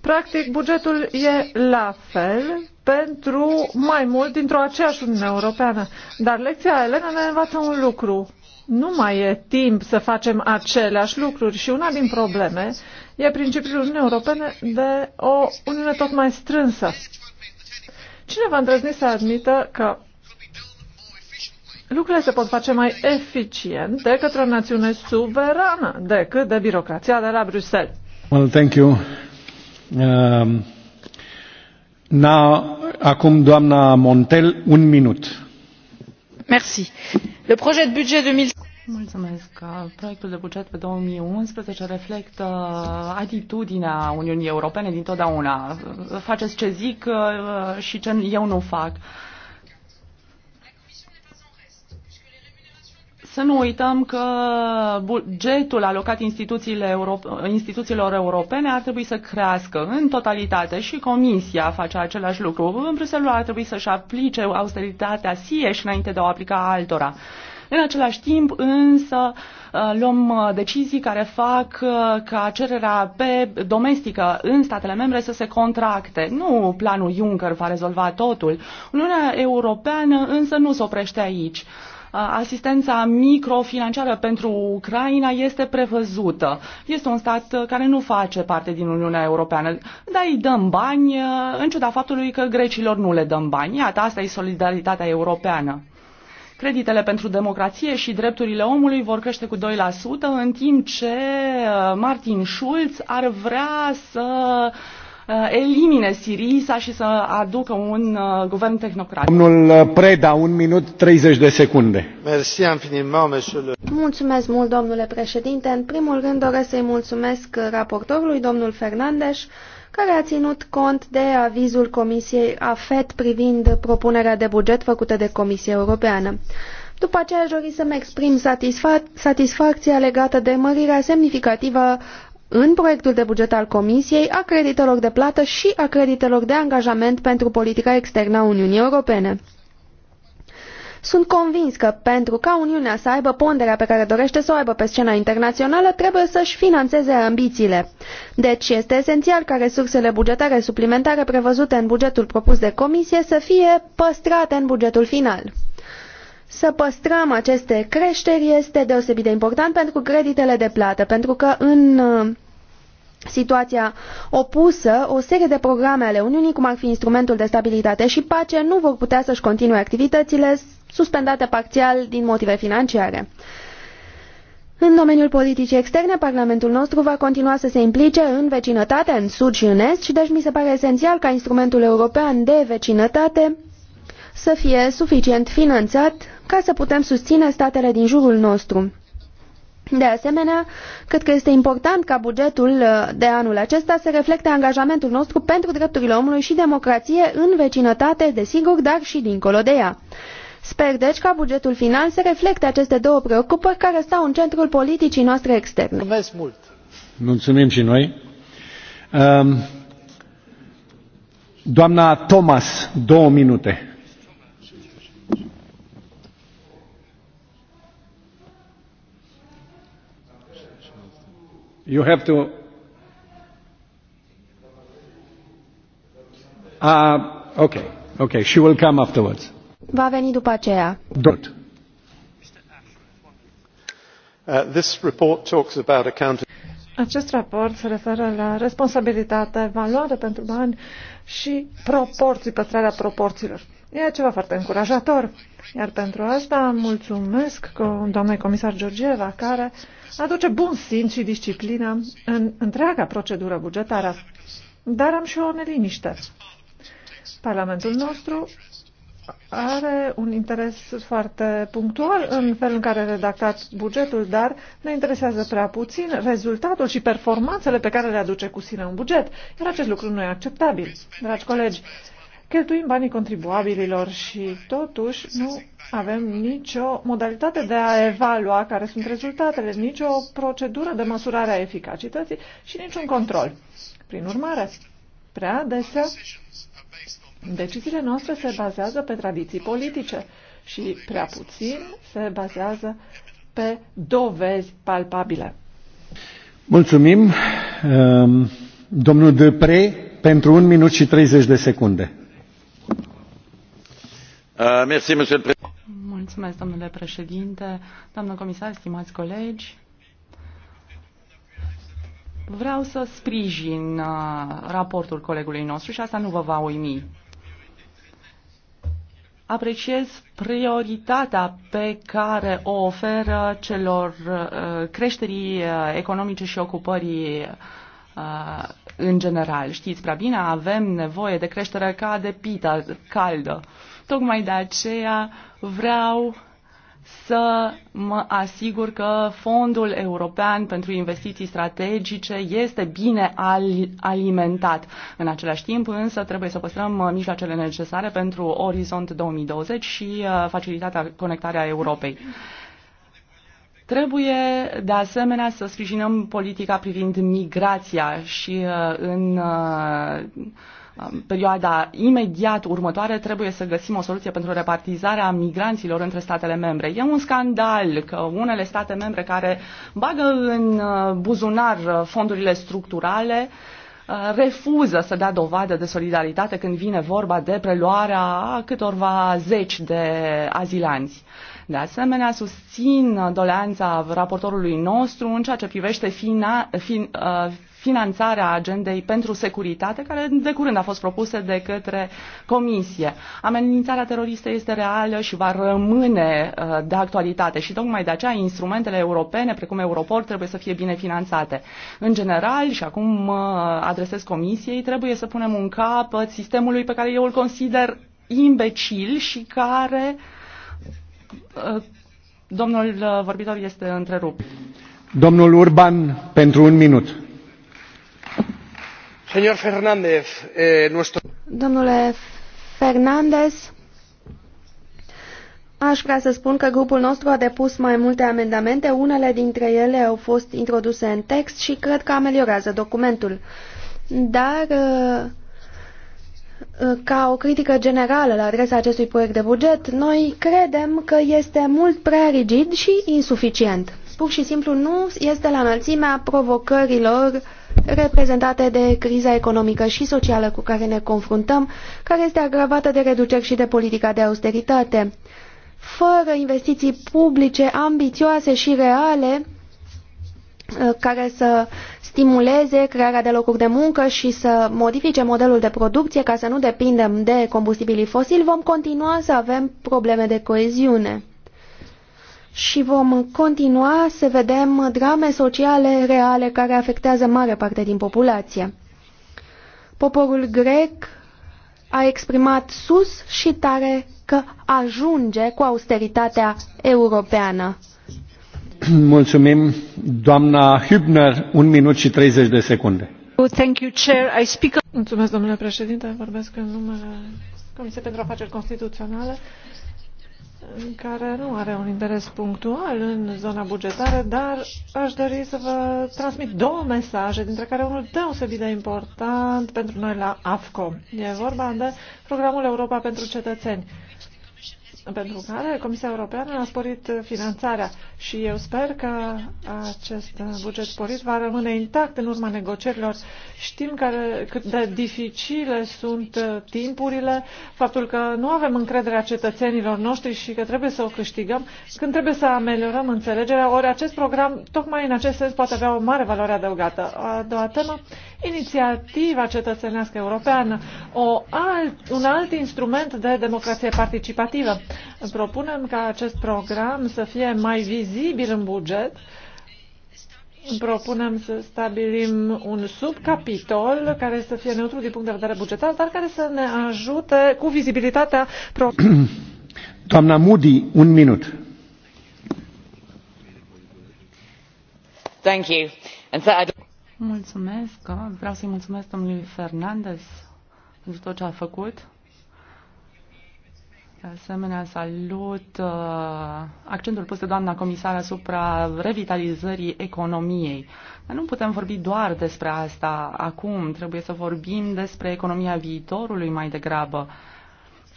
Practic, bugetul e la fel pentru mai mult dintr-o aceeași Uniune Europeană. Dar lecția Elena ne învață un lucru. Nu mai e timp să facem aceleași lucruri și una din probleme e principiul Uniunii Europene de o Uniune tot mai strânsă. Cine va îndrăzni să admită că lucrurile se pot face mai eficient de către o națiune suverană decât de birocrația de la Bruxelles? Well, thank you. Um, now, Acum, doamna Montel, un minut. Le projet de budget 2000... Mulțumesc. Proiectul de buget pe 2011 reflectă atitudinea Uniunii Europene dintotdeauna. Faceți ce zic uh, și ce eu nu fac. Să nu uităm că bugetul alocat instituțiilor europene ar trebui să crească în totalitate și Comisia face același lucru. În Bruxelles ar trebui să-și aplice austeritatea sie și înainte de a o aplica altora. În același timp, însă, uh, luăm uh, decizii care fac uh, ca cererea pe domestică în statele membre să se contracte. Nu planul Juncker va rezolva totul. Uniunea Europeană însă nu se oprește aici asistența microfinanciară pentru Ucraina este prevăzută. Este un stat uh, care nu face parte din Uniunea Europeană, dar îi dăm bani uh, în ciuda faptului că grecilor nu le dăm bani. Iată, asta e solidaritatea europeană. Creditele pentru democrație și drepturile omului vor crește cu 2%, în timp ce uh, Martin Schulz ar vrea să uh, Uh, elimine Sirisa și să aducă un uh, guvern tehnocrat. Domnul uh, Preda, un minut 30 de secunde. Mulțumesc mult, domnule președinte. În primul rând doresc să-i mulțumesc raportorului, domnul Fernandes, care a ținut cont de avizul Comisiei AFET privind propunerea de buget făcută de Comisia Europeană. După aceea aș dori să-mi exprim satisfa satisfacția legată de mărirea semnificativă în proiectul de buget al Comisiei a creditelor de plată și a creditelor de angajament pentru politica externă a Uniunii Europene. Sunt convins că pentru ca Uniunea să aibă ponderea pe care dorește să o aibă pe scena internațională, trebuie să-și financeze ambițiile. Deci este esențial ca resursele bugetare suplimentare prevăzute în bugetul propus de comisie să fie păstrate în bugetul final să păstrăm aceste creșteri este deosebit de important pentru creditele de plată, pentru că în uh, situația opusă, o serie de programe ale Uniunii, cum ar fi instrumentul de stabilitate și pace, nu vor putea să-și continue activitățile suspendate parțial din motive financiare. În domeniul politicii externe, Parlamentul nostru va continua să se implice în vecinătate, în sud și în est, și deci mi se pare esențial ca instrumentul european de vecinătate să fie suficient finanțat ca să putem susține statele din jurul nostru. De asemenea, cred că este important ca bugetul uh, de anul acesta să reflecte angajamentul nostru pentru drepturile omului și democrație în vecinătate, desigur, dar și dincolo de ea. Sper deci ca bugetul final să reflecte aceste două preocupări care stau în centrul politicii noastre externe. Mulțumesc mult! Mulțumim și noi! Um, doamna Thomas, două minute. You have to. Uh, okay, okay. She will come afterwards. Va veni după aceea. Dot. Uh, this report talks about Acest raport se referă la responsabilitate, valoare pentru bani și proporții, păstrarea proporțiilor. E ceva foarte încurajator. Iar pentru asta mulțumesc doamnei comisar Georgieva, care uh, aduce bun simț și disciplină în întreaga procedură bugetară. Dar am și o neliniște. Parlamentul nostru are un interes foarte punctual în felul în care a redactat bugetul, dar ne interesează prea puțin rezultatul și performanțele pe care le aduce cu sine un buget. Iar acest lucru nu e acceptabil. Dragi colegi, cheltuim banii contribuabililor și totuși nu avem nicio modalitate de a evalua care sunt rezultatele, nicio procedură de măsurare a eficacității și niciun control. Prin urmare, prea adesea deciziile noastre se bazează pe tradiții politice și prea puțin se bazează pe dovezi palpabile. Mulțumim. Ehm, domnul Depre, pentru un minut și 30 de secunde. Uh, Mulțumesc, domnule președinte, doamnă comisar, stimați colegi. Vreau să sprijin uh, raportul colegului nostru și asta nu vă va uimi apreciez prioritatea pe care o oferă celor uh, creșterii economice și ocupării în general. Știți prea bine, avem nevoie de creștere ca de pita caldă. Tocmai de aceea vreau să mă asigur că Fondul European pentru Investiții Strategice este bine alimentat. În același timp, însă, trebuie să păstrăm mijloacele necesare pentru Orizont 2020 și uh, facilitatea conectarea Europei. Trebuie, de asemenea, să sprijinăm politica privind migrația și uh, în uh, perioada imediat următoare trebuie să găsim o soluție pentru repartizarea migranților între statele membre. E un scandal că unele state membre care bagă în uh, buzunar uh, fondurile structurale uh, refuză să dea dovadă de solidaritate când vine vorba de preluarea câtorva zeci de azilanți. De asemenea, susțin doleanța raportorului nostru în ceea ce privește fina, fin, finanțarea agendei pentru securitate, care de curând a fost propusă de către Comisie. Amenințarea teroristă este reală și va rămâne uh, de actualitate și tocmai de aceea instrumentele europene, precum Europol, trebuie să fie bine finanțate. În general, și acum mă adresez Comisiei, trebuie să punem un capăt sistemului pe care eu îl consider imbecil și care uh, Domnul uh, vorbitor este întrerupt. Domnul Urban, pentru un minut. Eh, domnule fernandes aș vrea să spun că grupul nostru a depus mai multe amendamente unele dintre ele au fost introduse în text și cred că ameliorează documentul dar eh, eh, ca o critică generală la adresa acestui proiect de buget, noi credem că este mult prea rigid și insuficient. Pur și simplu nu este la înălțimea provocărilor reprezentate de criza economică și socială cu care ne confruntăm, care este agravată de reduceri și de politica de austeritate. Fără investiții publice ambițioase și reale, uh, care să stimuleze crearea de locuri de muncă și să modifice modelul de producție ca să nu depindem de combustibilii fosili, vom continua să avem probleme de coeziune și vom continua să vedem drame sociale reale care afectează mare parte din populație. Poporul grec a exprimat sus și tare că ajunge cu austeritatea europeană. Mulțumim, doamna Hübner, un minut și 30 de secunde. Thank you, Chair. I Mulțumesc, domnule președinte. Vorbesc în numele Comisiei pentru Afaceri Constituționale care nu are un interes punctual în zona bugetară, dar aș dori să vă transmit două mesaje, dintre care unul deosebit de important pentru noi la AFCO. E vorba de programul Europa pentru cetățeni pentru care Comisia Europeană a sporit finanțarea și eu sper că acest buget sporit va rămâne intact în urma negocierilor. Știm care, cât de dificile sunt timpurile, faptul că nu avem încrederea cetățenilor noștri și că trebuie să o câștigăm, când trebuie să ameliorăm înțelegerea, ori acest program, tocmai în acest sens, poate avea o mare valoare adăugată. A doua temă, inițiativa cetățenească europeană, o alt, un alt instrument de democrație participativă. Propunem ca acest program să fie mai vizibil în buget, propunem să stabilim un subcapitol care să fie neutru din punct de vedere bugetar, dar care să ne ajute cu vizibilitatea. Pro... Doamna Moody, un minut. Thank you. And so I Mulțumesc. Vreau să-i mulțumesc domnului Fernandez pentru tot ce a făcut. De asemenea, salut uh, accentul pus de doamna comisar asupra revitalizării economiei. Dar nu putem vorbi doar despre asta acum. Trebuie să vorbim despre economia viitorului mai degrabă. Uh,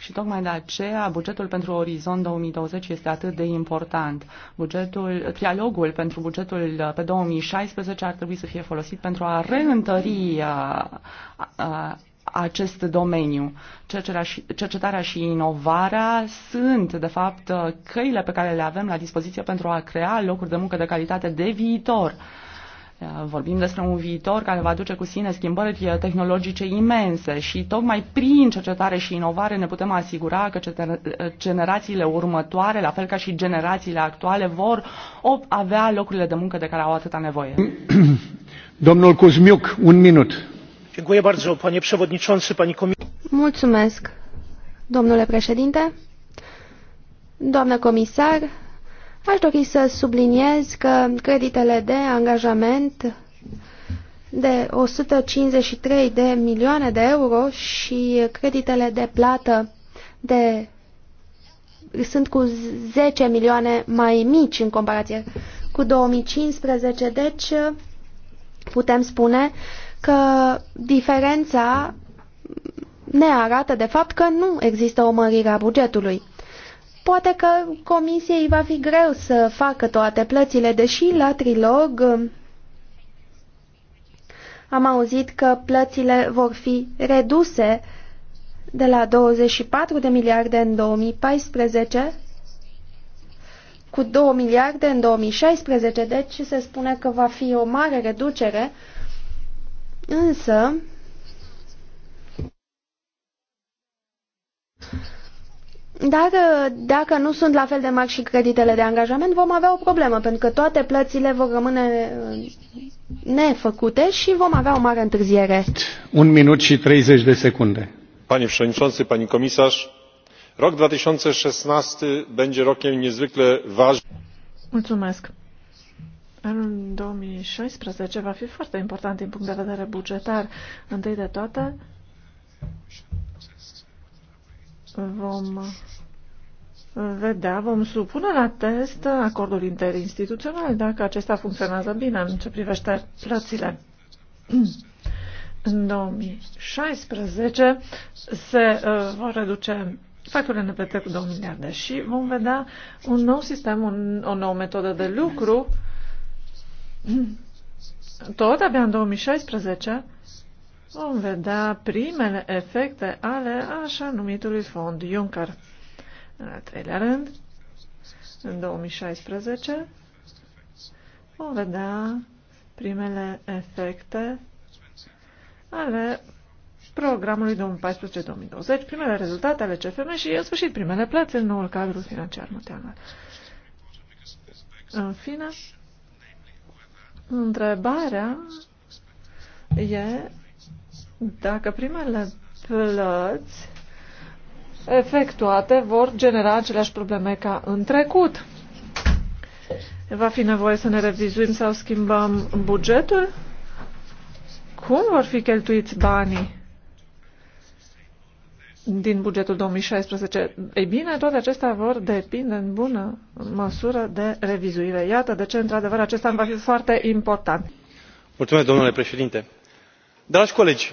și tocmai de aceea bugetul pentru Orizont 2020 este atât de important. Bugetul, trialogul pentru bugetul pe 2016 ar trebui să fie folosit pentru a reîntări a, a, acest domeniu. Cercetarea și inovarea sunt, de fapt, căile pe care le avem la dispoziție pentru a crea locuri de muncă de calitate de viitor. Uh, Vorbim despre un viitor care va duce cu sine schimbări tehnologice imense și tocmai prin cercetare și inovare ne putem asigura că generațiile următoare, la fel ca și generațiile actuale, vor avea locurile de muncă de care au atâta nevoie. Domnul Cuzmiuc, un minut. Mulțumesc, domnule președinte, doamnă comisar, Aș dori să subliniez că creditele de angajament de 153 de milioane de euro și creditele de plată de sunt cu 10 milioane mai mici în comparație cu 2015, deci putem spune că diferența ne arată de fapt că nu există o mărire a bugetului. Poate că comisiei va fi greu să facă toate plățile, deși la trilog um, am auzit că plățile vor fi reduse de la 24 de miliarde în 2014 cu 2 miliarde în 2016, deci se spune că va fi o mare reducere, însă Dacă, dacă nu sunt la fel de mari și creditele de angajament, vom avea o problemă, pentru că toate plățile vor rămâne uh, nefăcute și vom avea o mare întârziere. Un minut și 30 de secunde. Panie Przewodniczący, Pani Komisarz, rok 2016 będzie rokiem niezwykle ważnym. Mulțumesc. Anul 2016 va fi foarte important din punct de vedere bugetar. Întâi de toate, vom vedea, vom supune la test acordul interinstituțional, dacă acesta funcționează bine în ce privește plățile. În 2016 se uh, vor reduce facturile NPT cu 2 miliarde și vom vedea un nou sistem, un, o nouă metodă de lucru. Tot abia în 2016 vom vedea primele efecte ale așa numitului fond Juncker. În al treilea rând, în 2016, vom vedea primele efecte ale programului 2014-2020, primele rezultate ale CFM și, în sfârșit, primele plăți în noul cadru financiar multianual. În fine, întrebarea e dacă primele plăți efectuate vor genera aceleași probleme ca în trecut. Va fi nevoie să ne revizuim sau schimbăm bugetul? Cum vor fi cheltuiți banii din bugetul 2016? Ei bine, toate acestea vor depinde în bună măsură de revizuire. Iată de ce, într-adevăr, acest an va fi foarte important. Mulțumesc, domnule președinte. Dragi colegi,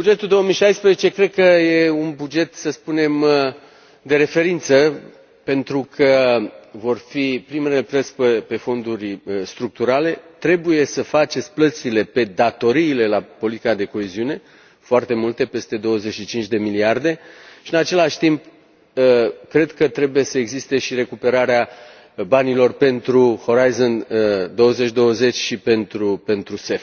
bugetul două mii șaisprezece cred că e un buget să spunem uh, de referință pentru că vor fi primele plăți pe fonduri uh, structurale trebuie să faceți plățile pe datoriile la politica de coeziune foarte multe peste douăzeci și cinci de miliarde și în același timp uh, cred că trebuie să existe și recuperarea banilor pentru orizont două mii douăzeci și pentru cef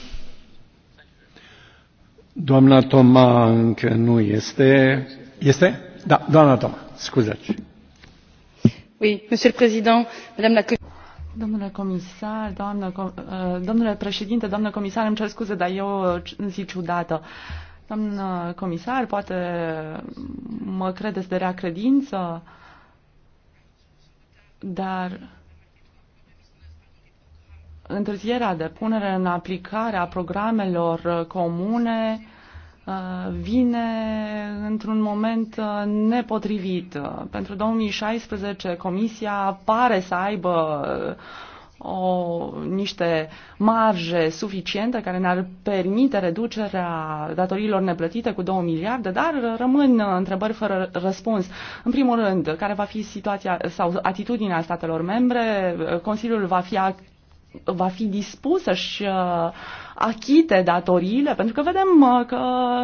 Doamna Toma încă nu este. Este? Da, doamna Toma, scuzați. Oui, monsieur le président, madame la Domnule comisar, doamnă, uh, domnule președinte, doamnă comisar, îmi cer scuze, dar eu uh, zi ciudată. Doamnă comisar, poate mă credeți de rea credință, dar întârzierea de punere în aplicare a programelor uh, comune uh, vine într-un moment uh, nepotrivit. Pentru 2016 Comisia pare să aibă o, niște marje suficiente care ne-ar permite reducerea datoriilor neplătite cu 2 miliarde, dar rămân întrebări fără răspuns. În primul rând, care va fi situația sau atitudinea statelor membre? Consiliul va fi va fi dispus să-și uh, achite datoriile, pentru că vedem uh, că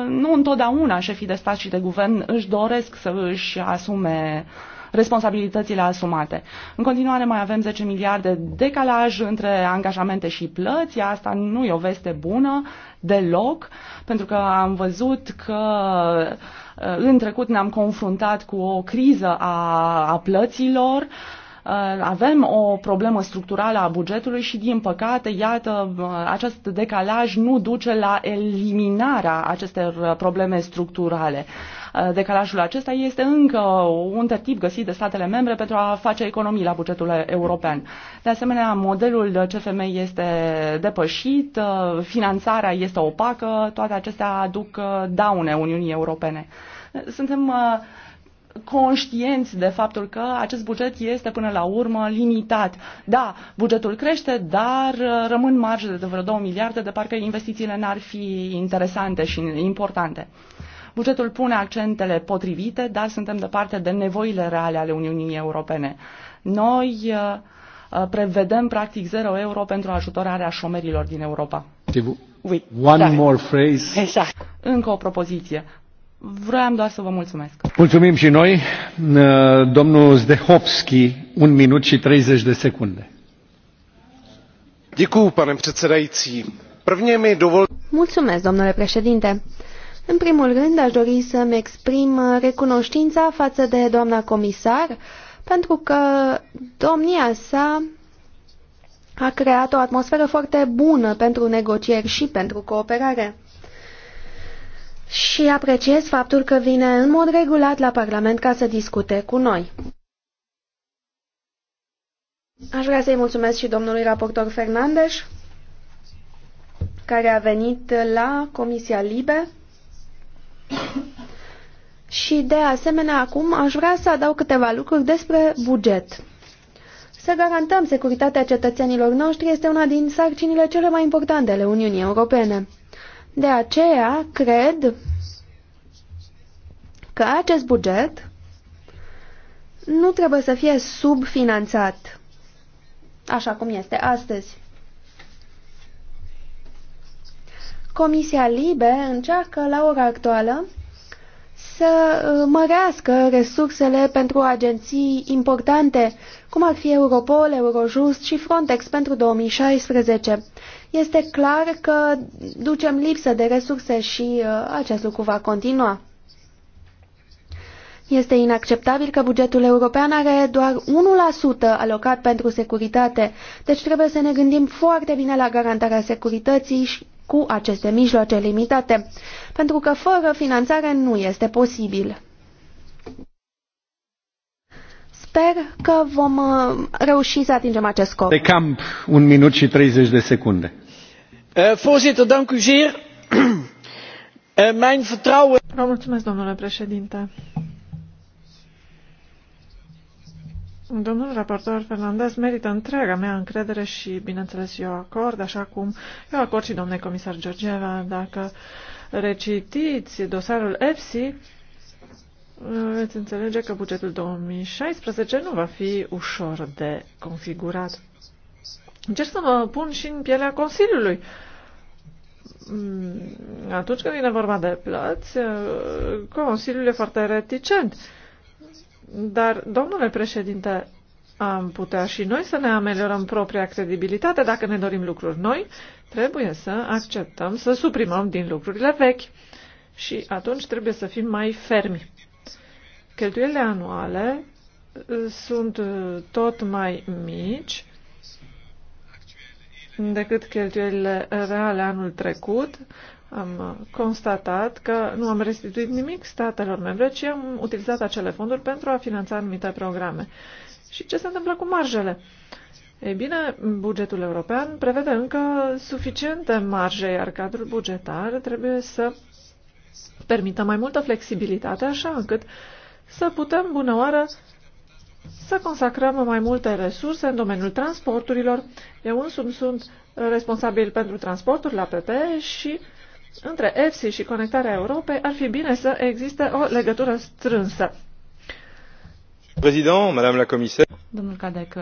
nu întotdeauna șefii de stat și de guvern își doresc să își asume responsabilitățile asumate. În continuare mai avem 10 miliarde decalaj între angajamente și plăți, asta nu e o veste bună deloc, pentru că am văzut că uh, în trecut ne-am confruntat cu o criză a, a plăților, uh, Uh, avem o problemă structurală a bugetului și, din păcate, iată, uh, acest decalaj nu duce la eliminarea acestor uh, probleme structurale. Decalajul acesta este încă un tertip găsit de statele membre pentru a face economii la bugetul european. De asemenea, modelul CFM este depășit, finanțarea este opacă, toate acestea aduc daune Uniunii Europene. Suntem conștienți de faptul că acest buget este până la urmă limitat. Da, bugetul crește, dar uh, rămân marge de vreo 2 miliarde, de parcă investițiile n-ar fi interesante și importante. Bugetul pune accentele potrivite, dar suntem departe de nevoile reale ale Uniunii Europene. Noi uh, uh, prevedem practic 0 euro pentru ajutorarea șomerilor din Europa. Oui. One da. more phrase. Exact. Încă o propoziție. Vroiam doar să vă mulțumesc. Mulțumim și noi. Domnul Zdehovski, un minut și 30 de secunde. Děkuju, pane předsedající. Prvně mi dovol... Mulțumesc, domnule președinte. În primul rând, aș dori să-mi exprim recunoștința față de doamna comisar, pentru că domnia sa a creat o atmosferă foarte bună pentru negocieri și pentru cooperare și apreciez faptul că vine în mod regulat la Parlament ca să discute cu noi. Aș vrea să-i mulțumesc și domnului raportor Fernandes, care a venit la Comisia Libe. Și de asemenea, acum aș vrea să adaug câteva lucruri despre buget. Să garantăm securitatea cetățenilor noștri este una din sarcinile cele mai importante ale Uniunii Europene. De aceea, cred că acest buget nu trebuie să fie subfinanțat, așa cum este astăzi. Comisia Libe încearcă la ora actuală să uh, mărească resursele pentru agenții importante, cum ar fi Europol, Eurojust și Frontex pentru 2016 este clar că ducem lipsă de resurse și uh, acest lucru va continua. Este inacceptabil că bugetul european are doar 1% alocat pentru securitate, deci trebuie să ne gândim foarte bine la garantarea securității și cu aceste mijloace limitate, pentru că fără finanțare nu este posibil. Sper că vom uh, reuși să atingem acest scop. De camp, un minut și 30 de secunde. Eh, voorzitter, dank u zeer. Eh, mijn vertrouwen. Vă mulțumesc, domnule președinte. Domnul raportor Fernandez merită întreaga mea încredere și, bineînțeles, eu acord, așa cum eu acord și domnule comisar Georgieva, dacă recitiți dosarul EFSI, Veți înțelege că bugetul 2016 nu va fi ușor de configurat. Încerc să mă pun și în pielea Consiliului. Mm, atunci când vine vorba de plăți, uh, Consiliul e foarte reticent. Dar, domnule președinte, am putea și noi să ne ameliorăm propria credibilitate dacă ne dorim lucruri noi, trebuie să acceptăm să suprimăm din lucrurile vechi. Și atunci trebuie să fim mai fermi. Cheltuielile anuale uh, sunt uh, tot mai mici decât cheltuielile reale anul trecut. Am uh, constatat că nu am restituit nimic statelor membre, ci am utilizat acele fonduri pentru a finanța anumite programe. Și ce se întâmplă cu marjele? Ei bine, bugetul european prevede încă suficiente marje, iar cadrul bugetar trebuie să permită mai multă flexibilitate, așa încât uh, să putem, bună oară, să consacrăm mai multe resurse în domeniul transporturilor. Eu însumi sunt responsabil pentru transporturi la PP și între EFSI și Conectarea Europei ar fi bine să existe o legătură strânsă. Président, Madame la Comisar. Domnul Cadec,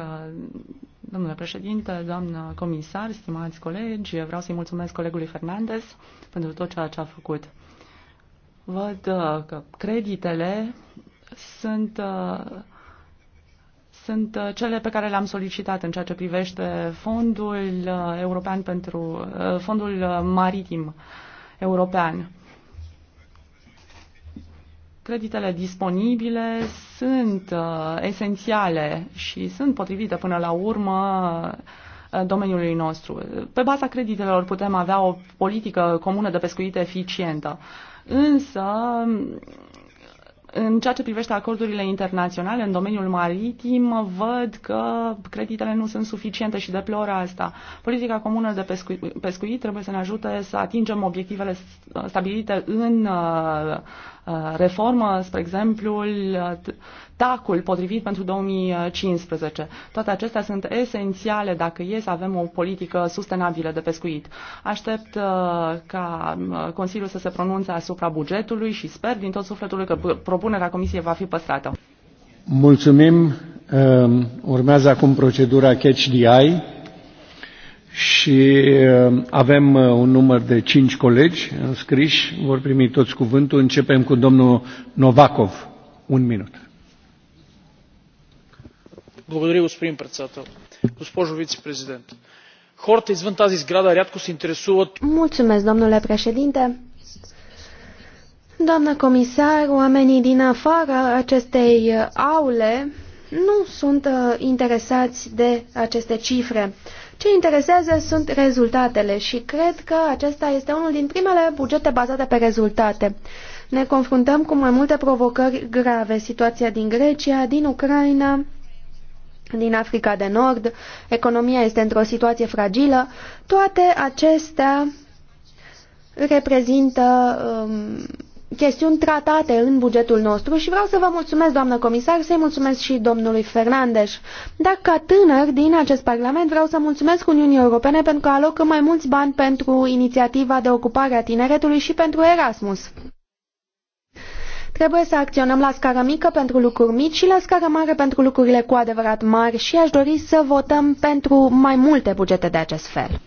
domnule președinte, doamnă comisar, stimați colegi, vreau să-i mulțumesc colegului Fernandez pentru tot ceea ce a făcut. Văd uh, că creditele sunt, uh, sunt uh, cele pe care le-am solicitat în ceea ce privește fondul uh, european pentru fondul maritim european. Creditele disponibile sunt uh, esențiale și sunt potrivite până la urmă domeniului nostru. Pe baza creditelor putem avea o politică comună de pescuit eficientă. Însă în ceea ce privește acordurile internaționale în domeniul maritim, văd că creditele nu sunt suficiente și deploră asta. Politica comună de pescuit, pescuit trebuie să ne ajute să atingem obiectivele stabilite în uh, uh, reformă, spre exemplu, tacul potrivit pentru 2015. Toate acestea sunt esențiale dacă e să avem o politică sustenabilă de pescuit. Aștept uh, ca uh, Consiliul să se pronunțe asupra bugetului și sper din tot sufletul că propunerea Comisiei va fi păstrată. Mulțumim. Um, urmează acum procedura Catch the Eye și um, avem uh, un număr de cinci colegi înscriși, vor primi toți cuvântul. Începem cu domnul Novakov. Un minut господин председател. Госпожо вицепрезидент. хората извън тази сграда рядко се интересуват... Mulțumesc, domnule președinte. Doamna comisar, oamenii din afara acestei uh, aule nu sunt uh, interesați de aceste cifre. Ce interesează sunt rezultatele și cred că acesta este unul din primele bugete bazate pe rezultate. Ne confruntăm cu mai multe provocări grave, situația din Grecia, din Ucraina din Africa de Nord, economia este într-o situație fragilă, toate acestea reprezintă um, chestiuni tratate în bugetul nostru și vreau să vă mulțumesc, doamnă comisar, să-i mulțumesc și domnului Fernandes. Dar ca tânăr din acest parlament vreau să mulțumesc Uniunii Europene pentru că alocă mai mulți bani pentru inițiativa de ocupare a tineretului și pentru Erasmus. Trebuie să acționăm la scară mică pentru lucruri mici și la scară mare pentru lucrurile cu adevărat mari și aș dori să votăm pentru mai multe bugete de acest fel.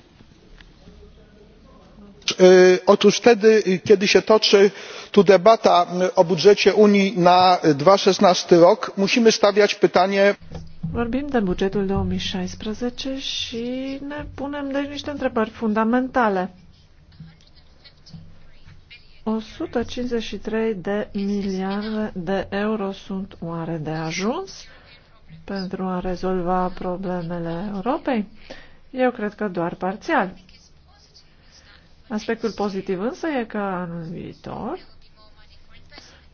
Otóż wtedy, kiedy się toczy tu debata o budżecie Unii na 2016 rok, musimy stawiać pytanie. Vorbim de bugetul 2016 și ne punem deci niște întrebări fundamentale 153 de miliarde de euro sunt oare de ajuns pentru a rezolva problemele Europei? Eu cred că doar parțial. Aspectul pozitiv însă e că anul viitor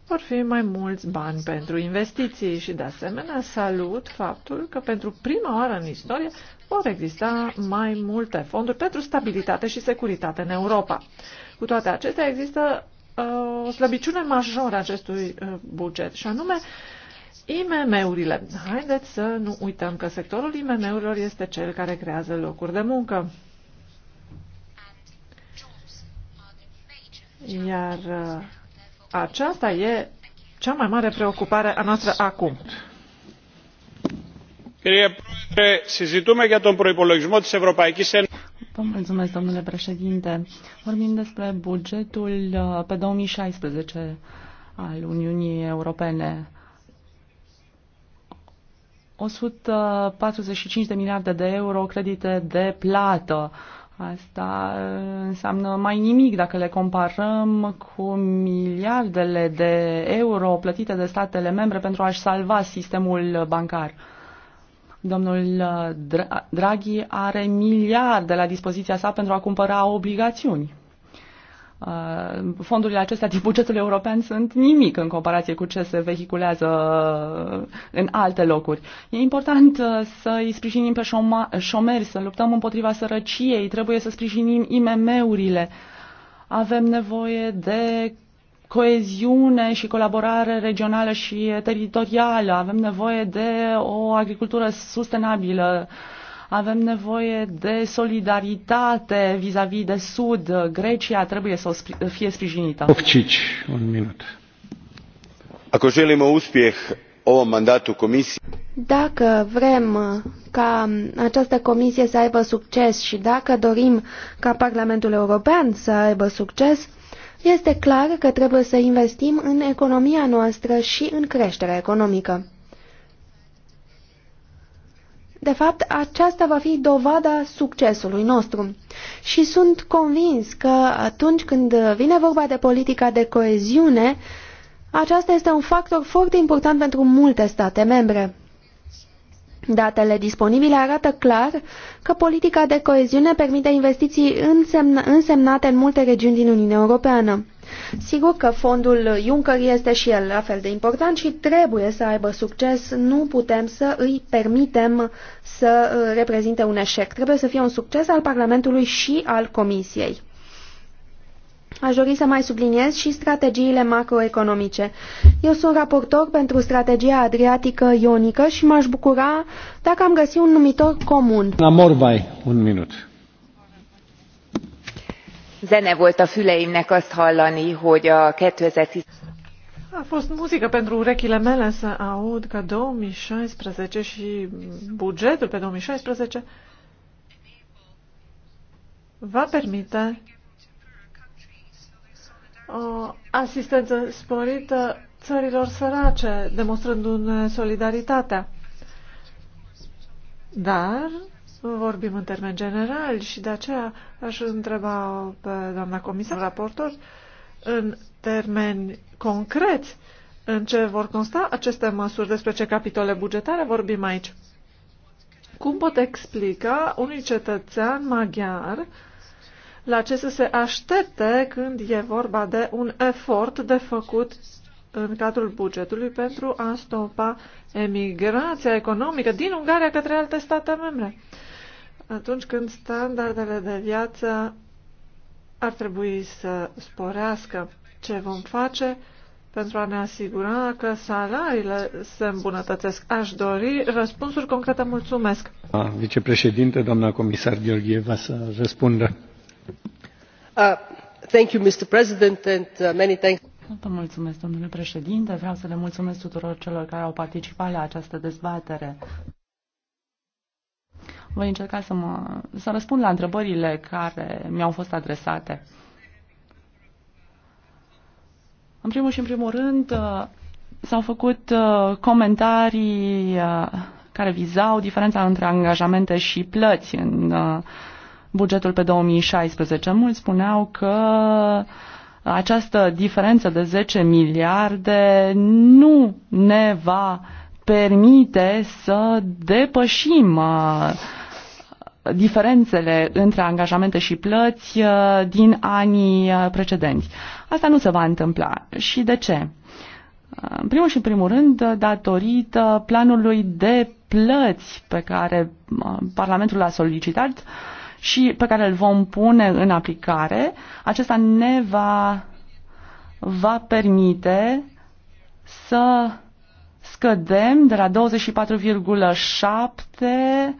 vor fi mai mulți bani pentru investiții și de asemenea salut faptul că pentru prima oară în istorie vor exista mai multe fonduri pentru stabilitate și securitate în Europa. Cu toate acestea, există uh, o slăbiciune majoră acestui uh, buget, și anume IMM-urile. Haideți să nu uităm că sectorul IMM-urilor este cel care creează locuri de muncă. Iar uh, aceasta e cea mai mare preocupare a noastră acum. Κύριε Πρόεδρε, συζητούμε για τον προϋπολογισμό της Ευρωπαϊκής Ένωσης. Vă mulțumesc, domnule președinte. Vorbim despre bugetul uh, pe 2016 al Uniunii Europene. 145 de miliarde de euro credite de plată. Asta uh, înseamnă mai nimic dacă le comparăm cu miliardele de euro plătite de statele membre pentru a-și salva sistemul bancar. Domnul uh, Draghi are miliarde la dispoziția sa pentru a cumpăra obligațiuni. Uh, fondurile acestea din bugetul european sunt nimic în comparație cu ce se vehiculează în alte locuri. E important uh, să îi sprijinim pe șomeri, să luptăm împotriva sărăciei, trebuie să sprijinim IMM-urile. Avem nevoie de coeziune și colaborare regională și teritorială. Avem nevoie de o agricultură sustenabilă. Avem nevoie de solidaritate vis-a-vis -vis de Sud. Grecia trebuie să fie sprijinită. Ofcici, un minut. ovom mandatu Dacă vrem ca această comisie să aibă succes și dacă dorim ca Parlamentul European să aibă succes, este clar că trebuie să investim în economia noastră și în creșterea economică. De fapt, aceasta va fi dovada succesului nostru. Și sunt convins că atunci când vine vorba de politica de coeziune, aceasta este un factor foarte important pentru multe state membre. Datele disponibile arată clar că politica de coeziune permite investiții însemn însemnate în multe regiuni din Uniunea Europeană. Sigur că fondul Juncker este și el la fel de important și trebuie să aibă succes. Nu putem să îi permitem să uh, reprezinte un eșec. Trebuie să fie un succes al Parlamentului și al Comisiei. Aș dori să mai subliniez și strategiile macroeconomice. Eu sunt raportor pentru strategia adriatică ionică și m-aș bucura dacă am găsit un numitor comun. La Morvai, un minut. Zene volt a füleimnek azt hallani, hogy a 2010... A fost muzică pentru urechile mele să aud că 2016 și bugetul pe 2016 va permite asistență sporită țărilor sărace, demonstrându-ne solidaritatea. Dar vorbim în termen general și de aceea aș întreba pe doamna comisar raportor în termeni concreți în ce vor consta aceste măsuri, despre ce capitole bugetare vorbim aici. Cum pot explica unui cetățean maghiar uh, la ce să se aștepte când e vorba de un efort de făcut în cadrul bugetului pentru a stopa emigrația economică din Ungaria către alte state membre. Atunci când standardele de viață ar trebui să sporească ce vom face pentru a ne asigura că salariile se îmbunătățesc. Aș dori răspunsuri concrete. Mulțumesc. Vicepreședinte, doamna comisar Gheorgheva, să răspundă. Uh, uh, mulțumesc, domnule președinte vreau să le mulțumesc tuturor celor care au participat la această dezbatere. Voi încerca să, mă, să răspund la întrebările care mi-au fost adresate. În primul și în primul rând, uh, s-au făcut comentarii care vizau diferența între angajamente și plăți în bugetul pe 2016. Mulți spuneau că această diferență de 10 miliarde nu ne va permite să depășim uh, diferențele între angajamente și plăți uh, din anii uh, precedenți. Asta nu se va întâmpla. Și de ce? În primul și în primul rând, datorită planului de plăți pe care Parlamentul l-a solicitat, și pe care îl vom pune în aplicare, acesta ne va, va permite să scădem de la 24,7 uh,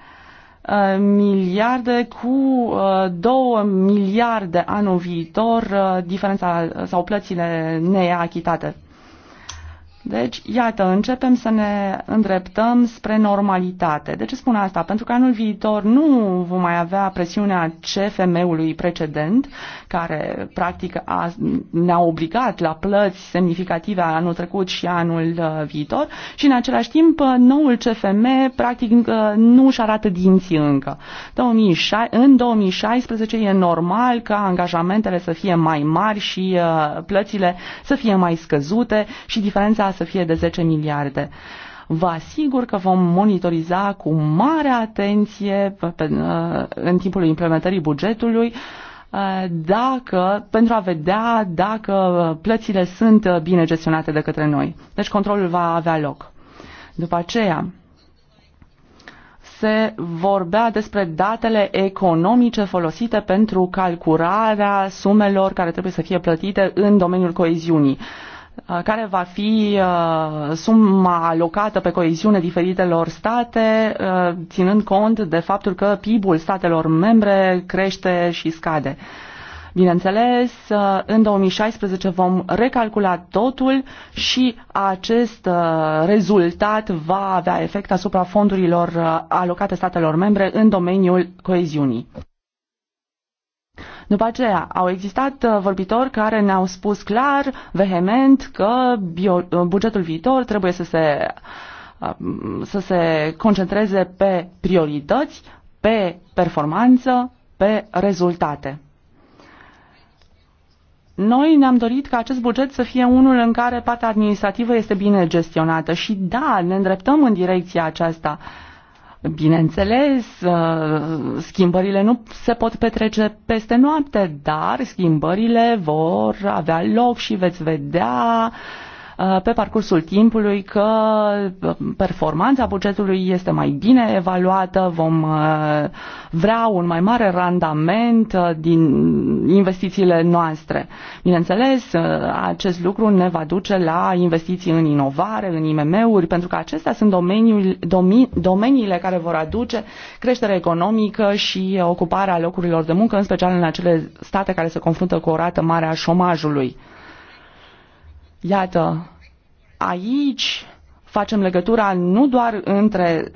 miliarde cu 2 uh, miliarde anul viitor uh, diferența sau plățile neachitate deci, iată, începem să ne îndreptăm spre normalitate. De ce spun asta? Pentru că anul viitor nu vom mai avea presiunea CFM-ului precedent, care practic a, ne-a obligat la plăți semnificative anul trecut și anul uh, viitor și în același timp uh, noul CFM practic uh, nu își arată dinții încă. 2006, în 2016 e normal ca angajamentele să fie mai mari și plățile să fie mai scăzute și diferența să fie de 10 miliarde. Vă asigur că vom monitoriza cu mare atenție pe, pe, uh, în timpul implementării bugetului uh, dacă, pentru a vedea dacă plățile sunt bine gestionate de către noi. Deci controlul va avea loc. După aceea, se vorbea despre datele economice folosite pentru calcularea sumelor care trebuie să fie plătite în domeniul coeziunii. Uh, Uh, care va fi uh, suma alocată pe coeziune diferitelor state, uh, ținând cont de faptul că PIB-ul statelor membre crește și scade. Bineînțeles, în 2016 vom recalcula totul și acest rezultat va avea efect asupra fondurilor alocate statelor membre în domeniul coeziunii. După aceea, au existat uh, vorbitori care ne-au spus clar, vehement, că bio, uh, bugetul viitor trebuie să se, uh, să se concentreze pe priorități, pe performanță, pe rezultate. Noi ne-am dorit ca acest buget să fie unul în care partea administrativă este bine gestionată și da, ne îndreptăm în direcția aceasta. Uh, Bineînțeles, uh, schimbările nu se pot petrece peste noapte, dar schimbările vor avea loc și veți vedea uh, Uh, pe parcursul timpului că uh, performanța bugetului este mai bine evaluată, vom uh, vrea un mai mare randament din investițiile noastre. Bineînțeles, acest lucru ne va duce la investiții în inovare, în IMM-uri, pentru că acestea sunt domeniul, domi, domeniile care vor aduce creștere economică și ocuparea locurilor de muncă, în special în acele state care se confruntă cu o rată mare a șomajului. Iată, aici facem legătura nu doar între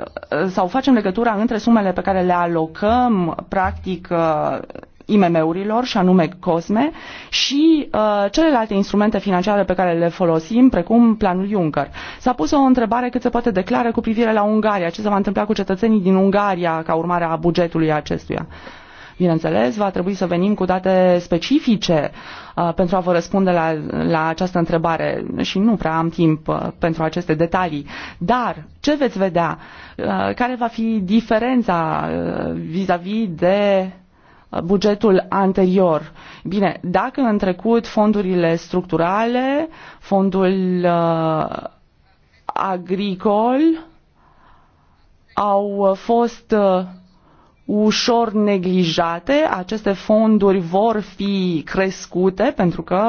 sau facem legătura între sumele pe care le alocăm practic uh, IMM-urilor și anume COSME și uh, celelalte instrumente financiare pe care le folosim, precum planul Juncker. S-a pus o întrebare cât se poate declară cu privire la Ungaria, ce se va întâmpla cu cetățenii din Ungaria ca urmare a bugetului acestuia. Uh, Bineînțeles, va trebui să venim cu date specifice uh, pentru a vă răspunde la, la această întrebare și nu prea am timp uh, pentru aceste detalii. Dar ce veți vedea? Uh, care va fi diferența vis-a-vis -vis de bugetul anterior. Bine, dacă în trecut fondurile structurale, fondul uh, agricol au fost uh, ușor neglijate. Aceste fonduri vor fi crescute pentru că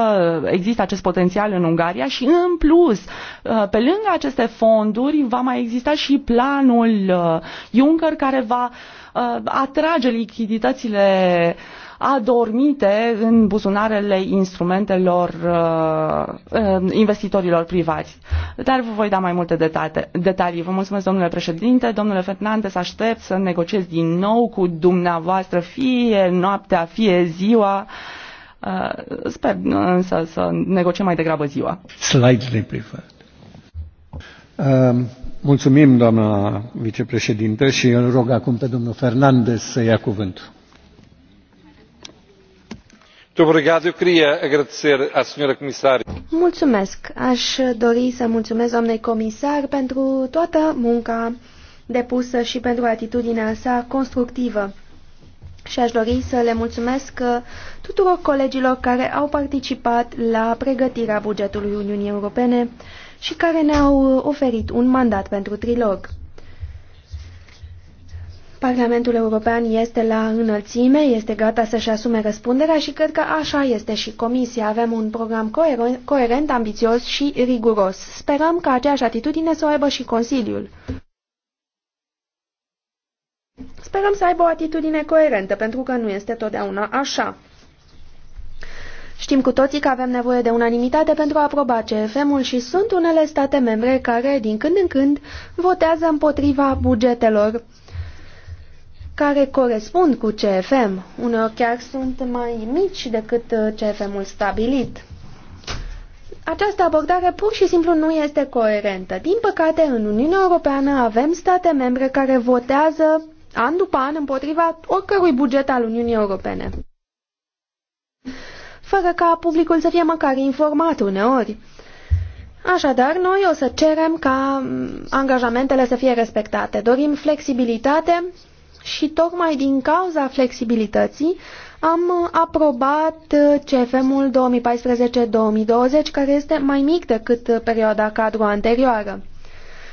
există acest potențial în Ungaria și în plus, uh, pe lângă aceste fonduri, va mai exista și planul uh, Juncker care va uh, atrage lichiditățile uh, adormite în buzunarele instrumentelor uh, uh, investitorilor privați. Dar vă voi da mai multe detalii. Vă mulțumesc, domnule președinte. Domnule Fernandez, aștept să negociez din nou cu dumneavoastră fie noaptea, fie ziua. Uh, sper însă să negociem mai degrabă ziua. Slightly preferred. Uh, mulțumim, doamna vicepreședinte, și îl rog acum pe domnul Fernandez să ia cuvântul. Mulțumesc. Aș dori să mulțumesc doamnei comisar pentru toată munca depusă și pentru atitudinea sa constructivă. Și aș dori să le mulțumesc tuturor colegilor care au participat la pregătirea bugetului Uniunii Europene și care ne-au oferit un mandat pentru trilog. Parlamentul European este la înălțime, este gata să-și asume răspunderea și cred că așa este și Comisia. Avem un program coerent, ambițios și riguros. Sperăm că aceeași atitudine să o aibă și Consiliul. Sperăm să aibă o atitudine coerentă, pentru că nu este totdeauna așa. Știm cu toții că avem nevoie de unanimitate pentru a aproba CFM-ul și sunt unele state membre care, din când în când, votează împotriva bugetelor care corespund cu CFM. Uneori chiar sunt mai mici decât uh, CFM-ul stabilit. Această abordare pur și simplu nu este coerentă. Din păcate, în Uniunea Europeană avem state membre care votează an după an împotriva oricărui buget al Uniunii Europene. Fără ca publicul să fie măcar informat uneori. Așadar, noi o să cerem ca mm, angajamentele să fie respectate. Dorim flexibilitate și tocmai din cauza flexibilității am aprobat CFM-ul 2014-2020, care este mai mic decât perioada cadru anterioară.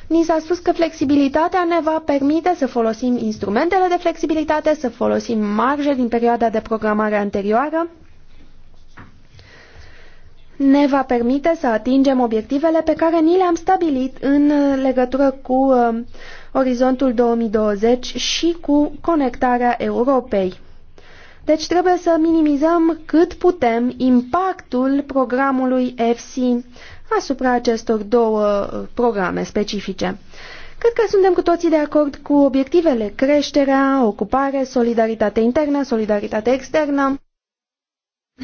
Ni s-a spus că flexibilitatea ne va permite să folosim instrumentele de flexibilitate, să folosim marge din perioada de programare anterioară, ne va permite să atingem obiectivele pe care ni le-am stabilit în legătură cu Orizontul 2020 și cu conectarea Europei. Deci trebuie să minimizăm cât putem impactul programului EFSI asupra acestor două uh, programe specifice. Cred că suntem cu toții de acord cu obiectivele creșterea, ocupare, solidaritate internă, solidaritate externă,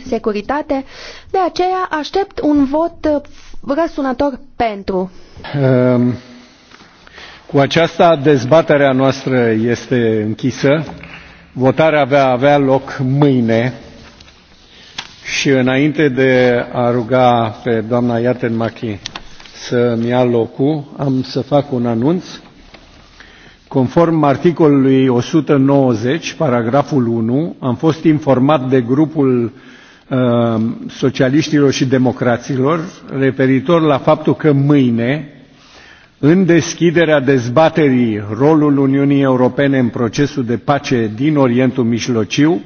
securitate. De aceea aștept un vot uh, răsunător pentru. Um. Cu aceasta dezbaterea noastră este închisă. Votarea va avea loc mâine și înainte de a ruga pe doamna Iatenmachi să-mi ia locul, am să fac un anunț. Conform articolului 190, paragraful 1, am fost informat de grupul uh, socialiștilor și democraților referitor la faptul că mâine, în deschiderea dezbaterii rolul Uniunii Europene în procesul de pace din Orientul Mijlociu,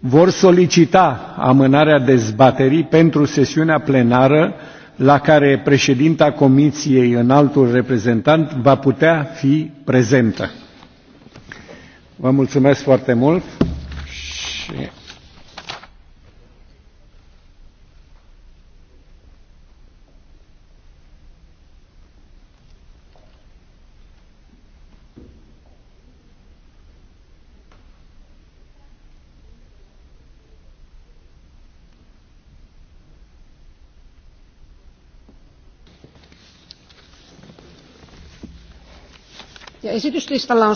vor solicita amânarea dezbaterii pentru sesiunea plenară la care președinta Comisiei, înaltul reprezentant, va putea fi prezentă. Vă mulțumesc foarte mult și esityslistalla on